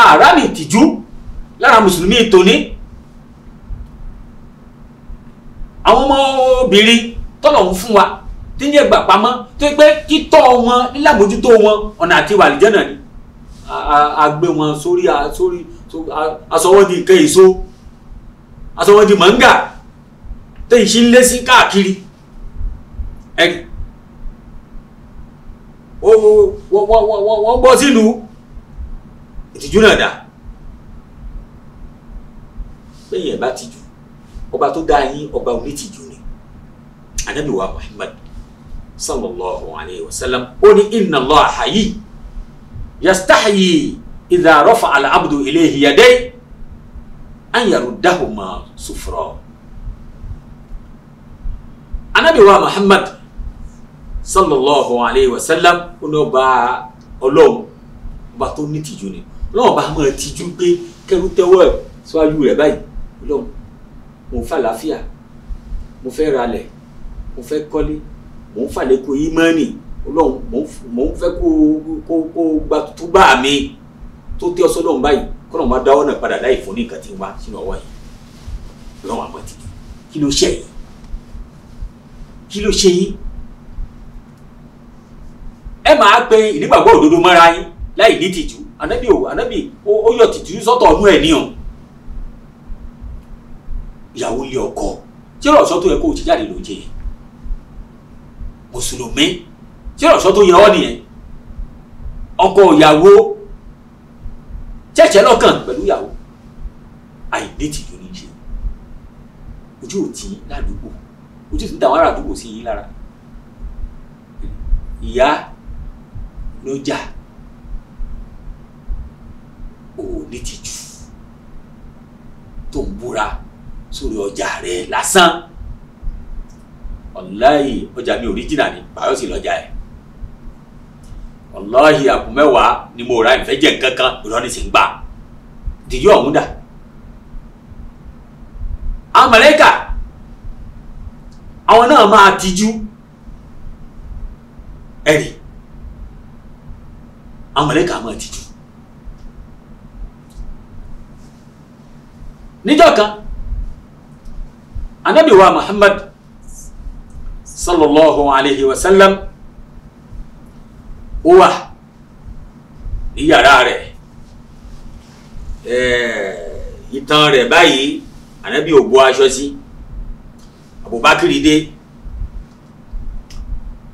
ààrá mi tìjú lára mùsùlùmí tòní àwọn ọmọbìnrin tọ́lọ̀ ń fún wa tí ní ẹgbà pamọ́ tó pé títọ́ wọn lílàmójútó wọn ọ̀nà àti ìwà àlìjẹ́ náà ni a gbé wọn sórí asọ́wọ́dì nǹkan èso asọ́wọ́dì mọ̀ngà tó yìí sí ń lé sí káàkiri ẹ̀rí wọ́n gbọ́ sílùú ìtìjú náà dà pé yẹn bá tìjú ọba tó dá yín ọba òní tìjú ni anabi wa muhammad sallallahu alayhi wa sallam ó ní inna allah hayy yastaxyi idha rafa al abdu ilayhi yaday an yarudahuma anabi wa muhammad sallallahu alayhi wa sallam ó ní ọba ọlọ́run ọba tó ní tìjú ni ọlọ́run bá máa tìjú pé kẹrù tẹ́wọ́ ẹ̀ síwájú rẹ̀ báyìí ọlọ́run mo fẹ́ àlàáfíà mo fẹ́ ralẹ̀ mo fẹ́ kọ́lé mo ń fàlékún ímánì ọlọ́run mo ń fẹ́ kó kó kó gba túbà mi tó tẹ́ ọsọ lọ́run báyìí kọ́nà máa dáwọ́ náà padà láì fún ní nǹkan tí ń wá sínú ọwọ́ yìí ọlọ́run àmọ́ tìjú kí kí ló ṣe yín ẹ máa pe ìdígbàgbọ́ òdodo mọ́ra yín láì ní tìjú ànábì ò ànábì ó yọ tìjú sọ́tọ̀ ọdún ẹ̀ níhàn ìyàwó ilé ọkọ tí ọ̀rọ̀ sọ́tọ̀ yẹ kó o ti jáde ló jẹ mùsùlùmí tí ọ̀rọ̀ sọ́tọ̀ yẹ ọ́ nìyẹn ọkọ ìyàwó ṣẹ̀ṣẹ̀ lọ́kàn pẹ̀lú ìyàwó àìní tìjú ní ṣe ojú ò ládùúgbò ó sì tún dàwọn ará àdúgbò sí yín lára ìyá ló jà ò ní tìjú tó ń búra sórí ọjà rẹ lásán ọláyì ọjà mi òríjìnà ni báyọ̀ sì lọ́jà ẹ̀ ọlọ́hì àkùnmẹ́wàá ni mo ra ìfẹ́ jẹ́ nǹkan kan ìrọ́ni sì ń gbà dìyọ́ ọ̀hún dà àwọn náà máa tijú ẹ̀rì àwọn mọ̀lẹ́kà máa tijú. níjọ́ kan anabi wa muhammad sallallahu alayhi wa sallam ó wà ní yàrá rẹ̀ ìtàn rẹ̀ báyìí anabi ò aṣọ sí. Abubakar dé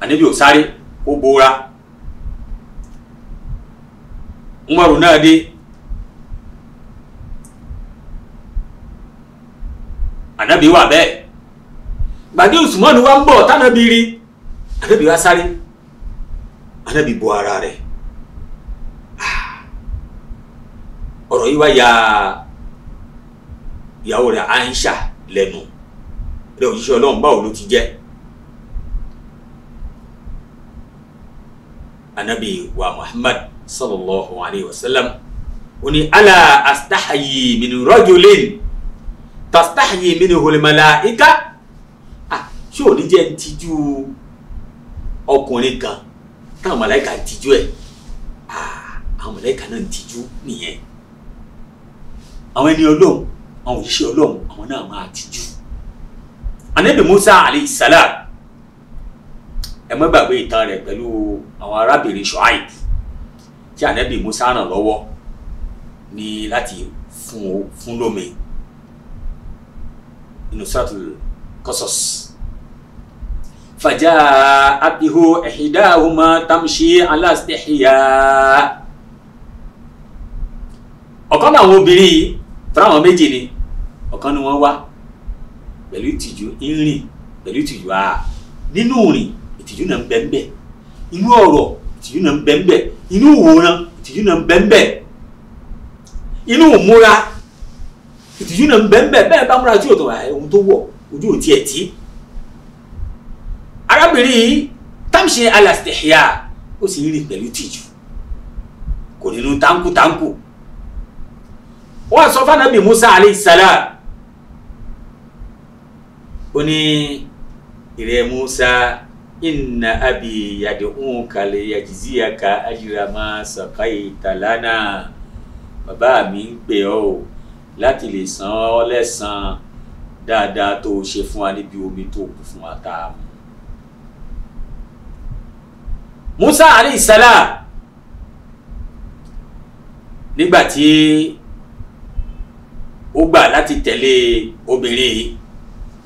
ànábì ò sáré ó bora Umaru náà dé ànábì wà bẹ́ẹ̀ gbàdé Usman wa ń bọ̀ tánàbí rí ànábì wa sáré ànábì bo ara rẹ̀ ọ̀rọ̀ yìí wá ya ìyàwó rẹ̀ Aisha lẹ́nu rẹ òjíṣẹ́ ọlọ́run báwo ló ti jẹ́ anabi wa muhammad sallallahu alayhi wa sallam ó ní ala astahayi min rajulin tastahayi min hulmalaika ah, ṣé ò ní jẹ́ ń tijú ọkùnrin kan táwọn màláìka ń tijú ẹ̀ ah, àwọn màláìka náà ń tijú nìyẹn àwọn ẹni ọlọ́run àwọn òṣìṣẹ́ ọlọ́run àwọn náà máa tijú anabi musa alayhi salam ẹ má gbàgbé ìtàn rẹ̀ pẹ̀lú àwọn arábìnrin shuaib tí anabi musa ràn lọ́wọ́ ní láti fún o fún lómi inú suratul qasas fàjà abihu ihidahuma tamshi ala istihya ọ̀kan náà àwọn obìnrin fúnra àwọn méjì ni ọ̀kan ni wọ́n wá pẹ̀lú ìtìjú ń rìn pẹ̀lú ìtìjú a nínú rìn ìtìjú náà ń bẹ́ńbẹ́ inú ọ̀rọ̀ ìtìjú náà ń bẹ́ńbẹ́ inú ìwòran ìtìjú náà ń bẹ́ńbẹ́ inú ìmúra ìtìjú náà ń bẹ́ńbẹ́ bẹ́ẹ̀ bá múra tí ò tó ohun tó wọ̀ ojú ò tiẹ̀ tí. arábìnrin yìí tamṣe alastihya ó sì ń rìn pẹ̀lú ìtìjú kò nínú táǹkù táǹkù wọ́n sọ fún Musa alayhi salam ó ní ìrẹ́ Musa inna abi yad'un kale yajziyaka ajra ma saqaita lana bàbá mi ń pè ọ́ o láti lè san ọ́ lẹ́sàn dáadáa tó o ṣe fún wa níbi omi tó kù fún wa tá a Musa alayhi salam nígbà tí ó gbà láti tẹ̀lé obìnrin yìí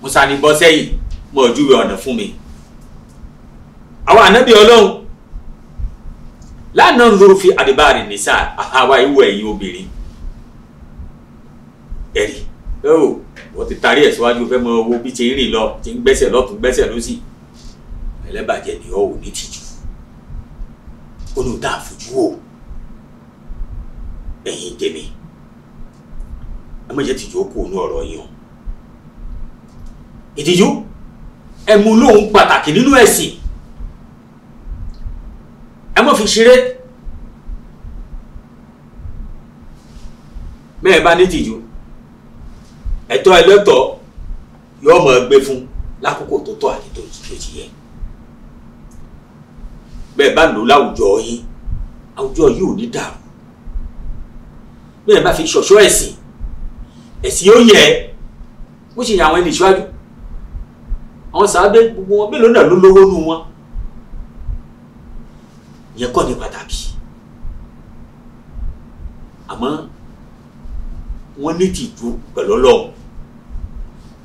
mo sani bọ́ sẹ́yìn mo júwe ọ̀nà fún mi àwọn ànábì ọlọ́run lánàá ń lórí fi àdìbáàrì nìsà àwa ìwọ ẹ̀yìn obìnrin ẹ̀rí ó wọ́n ti tarí ẹ̀ síwájú fẹ́ mọ owó bí ti ń rìn lọ ti ń gbẹ́sẹ̀ lọ́tún gbẹ́sẹ̀ lọ́sì ẹlẹ́bàjẹ́ ni ọ̀ ò ní tìjú ó ní o dáa fojú ẹ̀yìn tèmi ẹ tìjú ó kú òun ọ̀rọ̀ yìí o ìtìjú ẹmu lóhun pàtàkì nínú ẹ̀sìn ẹ mọ̀ fi ṣeré mẹ́ẹ̀ bá ní ìtìjú ẹ̀tọ́ ẹlẹ́tọ̀ yóò mọ̀ gbé fún lákòókò tó tọ́ àti tó ti yẹ bẹ́ẹ̀ bá lò láwùjọ yín àwùjọ yìí ò ní dàrú bẹ́ẹ̀ bá fi ṣọ̀ṣọ́ ẹ̀sìn ẹ̀sìn yóò yẹ bó ṣe yẹ àwọn ẹni ìṣáájú àwọn sàábé gbogbo wọn mélòó náà ló lówó nù wọn yẹ kọ́ ní pàtàkì àmọ́ wọ́n ní tìjú pẹ̀lú ọlọ́ọ̀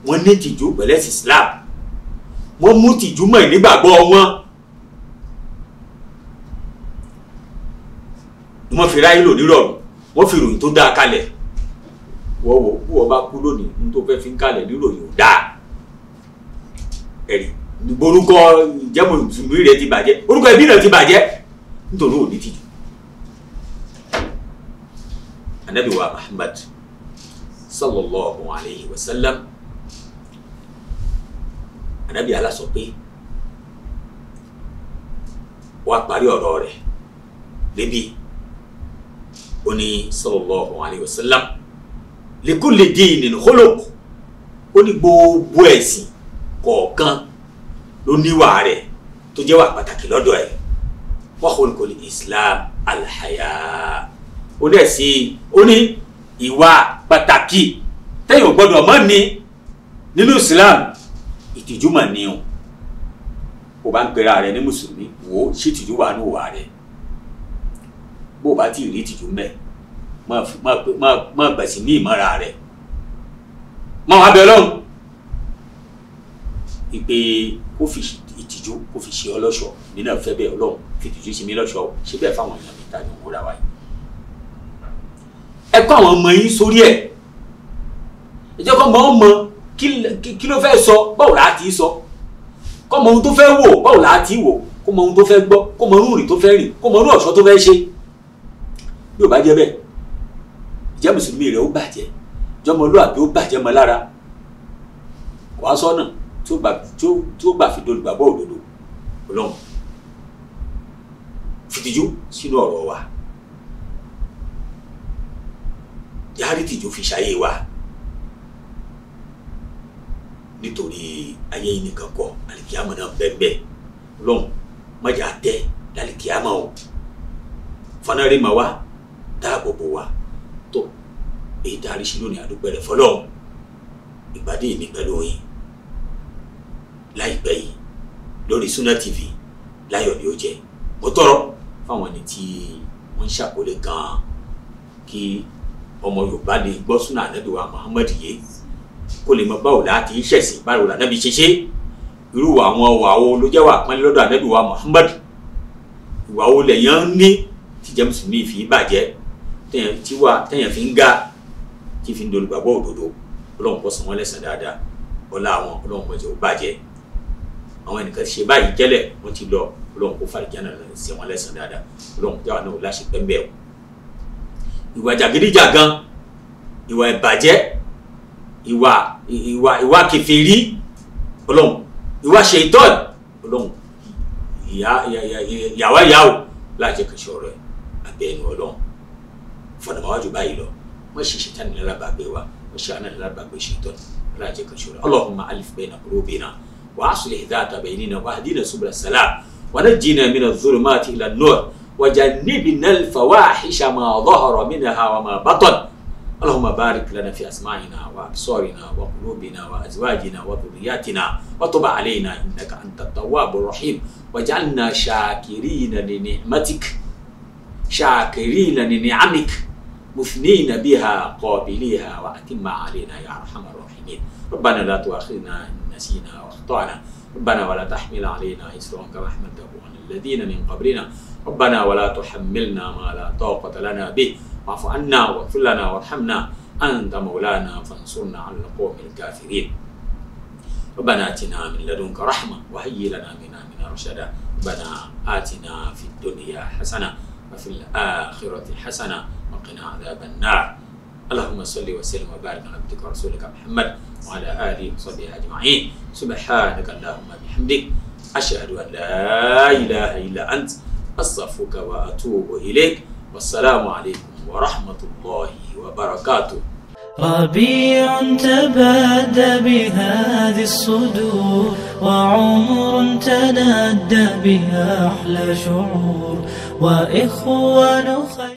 wọ́n ní tìjú pẹ̀lú ẹ̀sìn Islam wọ́n mú tìjú mọ́ ìnígbàgbọ́ wọn wọ́n fi ráyè lò nírọ̀rùn wọ́n fi ròyìn tó dáa kalẹ̀ wọ́wọ́ kú ọba kú lónìí ní tó fẹ́ fi ń kalẹ̀ níròyìn ò dáa ẹ̀rí orúkọ ìjẹ́mọ̀ ìtùmí rẹ̀ ti bàjẹ́ orúkọ ẹbí rẹ̀ ti bàjẹ́ nítorí òní tìjú. anabi wa Muhammad sallallahu alayhi wa sallam anabi ala sọ pé wàá parí ọ̀rọ̀ rẹ̀ débi ó ní sallallahu alayhi wa sallam li kulli dinin ó ní gbogbo ẹ̀sìn kọ̀ọ̀kan ló níwà rẹ̀ tó jẹ́ wà pàtàkì lọ́dọ̀ ẹ̀ wọ́n kò ní kò ní islam alhaya ó dẹ̀ sí ó ní ìwà pàtàkì tẹ́yìn ò mọ́ ni nínú islam ìtìjú mà ni o kò bá ń pera rẹ ní mùsùlùmí wò ó ṣì tìjú wà ní òwà rẹ bó o bá ti rí tìjú mẹ́ẹ̀ má gbẹ̀sìn ní ìmọ̀ra rẹ̀ má wàá bẹ ọlọ́run pé kó fi ìtìjú kó fi ṣe ọlọ́ṣọ́ nínú ẹ̀fẹ́ bẹ́ẹ̀ ọlọ́run fi ìtìjú ṣe mí lọ́ṣọ́ ṣe bẹ́ẹ̀ fáwọn èèyàn mi tàbí òun ra wáyé. ẹ kọ́ àwọn ọmọ yín sórí ẹ̀ ẹ jẹ́ kọ́ mọ́ ọ́n mọ kí ló fẹ́ sọ báwo là á ti sọ kọ́ mọ ohun tó fẹ́ wò báwo là á ti wò kó mọ ohun tó fẹ́ gbọ́ kó mọ orú tó fẹ́ rìn kó mọ orú ọ̀ṣọ́ tó fẹ́ ṣe bí ò bá jẹ́ bẹ́ẹ̀ ìjẹ́ mùsùlùmí rẹ̀ ó bàjẹ́ jọmọlúàbí ó bàjẹ́ mọ́ lára wàá sọ́nà tí ó gbà tí ó gbà fi dolùgbàgbọ́ òdodo ọlọ́run fìtìjú sínú ọ̀rọ̀ wa yàrá ìtìjú fi ṣayé wa nítorí ayé yìí nìkan kọ́ àlìkíyàmọ̀ náà bẹ́ẹ̀ ọlọ́run má jà tẹ́ lálìkíyàmọ̀ o fanari ma wa dáàbò bò wa tó èyí tá a rí sí lónìí àdúgbò rẹ̀ fọlọ́ọ̀ ìpàdé mi pẹ̀lú yín láìpẹ́ yìí lórí Sunna TV láyọ̀ ni ó jẹ́ mo tọrọ fáwọn ẹni tí wọ́n ń ṣàkólé gan-an kí ọmọ Yorùbá lè gbọ́ Sunna Ànábì wa Muhammad yé kó lè mọ báwo láti ṣẹ̀sìn báwo lànàbí ṣe ṣe irú àwọn ọwà ló jẹ́ wà pọ́nlé lọ́dọ̀ Ànábì wa Muhammad ìwà wo lẹ̀yàn ń ní tíjẹ́ mùsùlùmí fi bàjẹ́ tẹ̀yàn fi ń ga tí fi ń dolùgbàgbọ́ òdodo ọlọ́run kó san wọ́n lẹ́san dáadáa ọlá àwọn ọlọ́run mọ̀jẹ̀ ó bàjẹ́ àwọn ẹnìkan ṣe báyìí jẹ́lẹ̀ wọ́n ti lọ ọlọ́run kó fàlìjánà lọ sí wọn lẹ́sàn dáadáa ọlọ́run jáwọ́ náà láṣẹ pẹ́ńbẹ́ o. ìwà jàgídíjàgan ìwà ìbàjẹ́ ìwà ìwà ìwà kẹfìrí ọlọ́run ìwà ṣètọ́n ọlọ́run ìyàwó ìyàwó láti kẹsàn ọ̀rọ̀ ẹ̀ abẹ́ ẹnu ọlọ́run fọ̀nàmáwájú báyìí lọ wọ́n ṣe ṣètàn nílábàgbé wa wọ́n ṣe àná nílábàgbé ṣètọ́n láti kẹsàn ọ̀rọ̀ ọlọ́run máa alif bẹ́ẹ̀ náà kúrò bẹ́ẹ̀ náà وأصلح ذات بيننا واهدنا سبل السلام ونجنا من الظلمات إلى النور وجنبنا الفواحش ما ظهر منها وما بطن اللهم بارك لنا في أسماعنا وأبصارنا وقلوبنا وأزواجنا وذرياتنا وطب علينا إنك أنت التواب الرحيم وجعلنا شاكرين لنعمتك شاكرين لنعمك مثنين بها قابليها وأتم علينا يا أرحم الراحمين ربنا لا تؤاخذنا إن نسينا أخطأنا ربنا ولا تحمل علينا إسرا كما حملته عن الذين من قبلنا ربنا ولا تحملنا ما لا طاقة لنا به واعف عنا واغفر لنا وارحمنا أنت مولانا فانصرنا على القوم الكافرين ربنا آتنا من لدنك رحمة وهيئ لنا من أمرنا رشدا ربنا آتنا في الدنيا حسنة وفي الآخرة حسنة وقنا عذاب النار اللهم صل وسلم وبارك على عبدك ورسولك محمد وعلى اله وصحبه اجمعين سبحانك اللهم بحمدك اشهد ان لا اله الا انت استغفرك واتوب اليك والسلام عليكم ورحمه الله وبركاته ربيع تبادى بهذه الصدور وعمر تنادى بها أحلى شعور وإخوان خير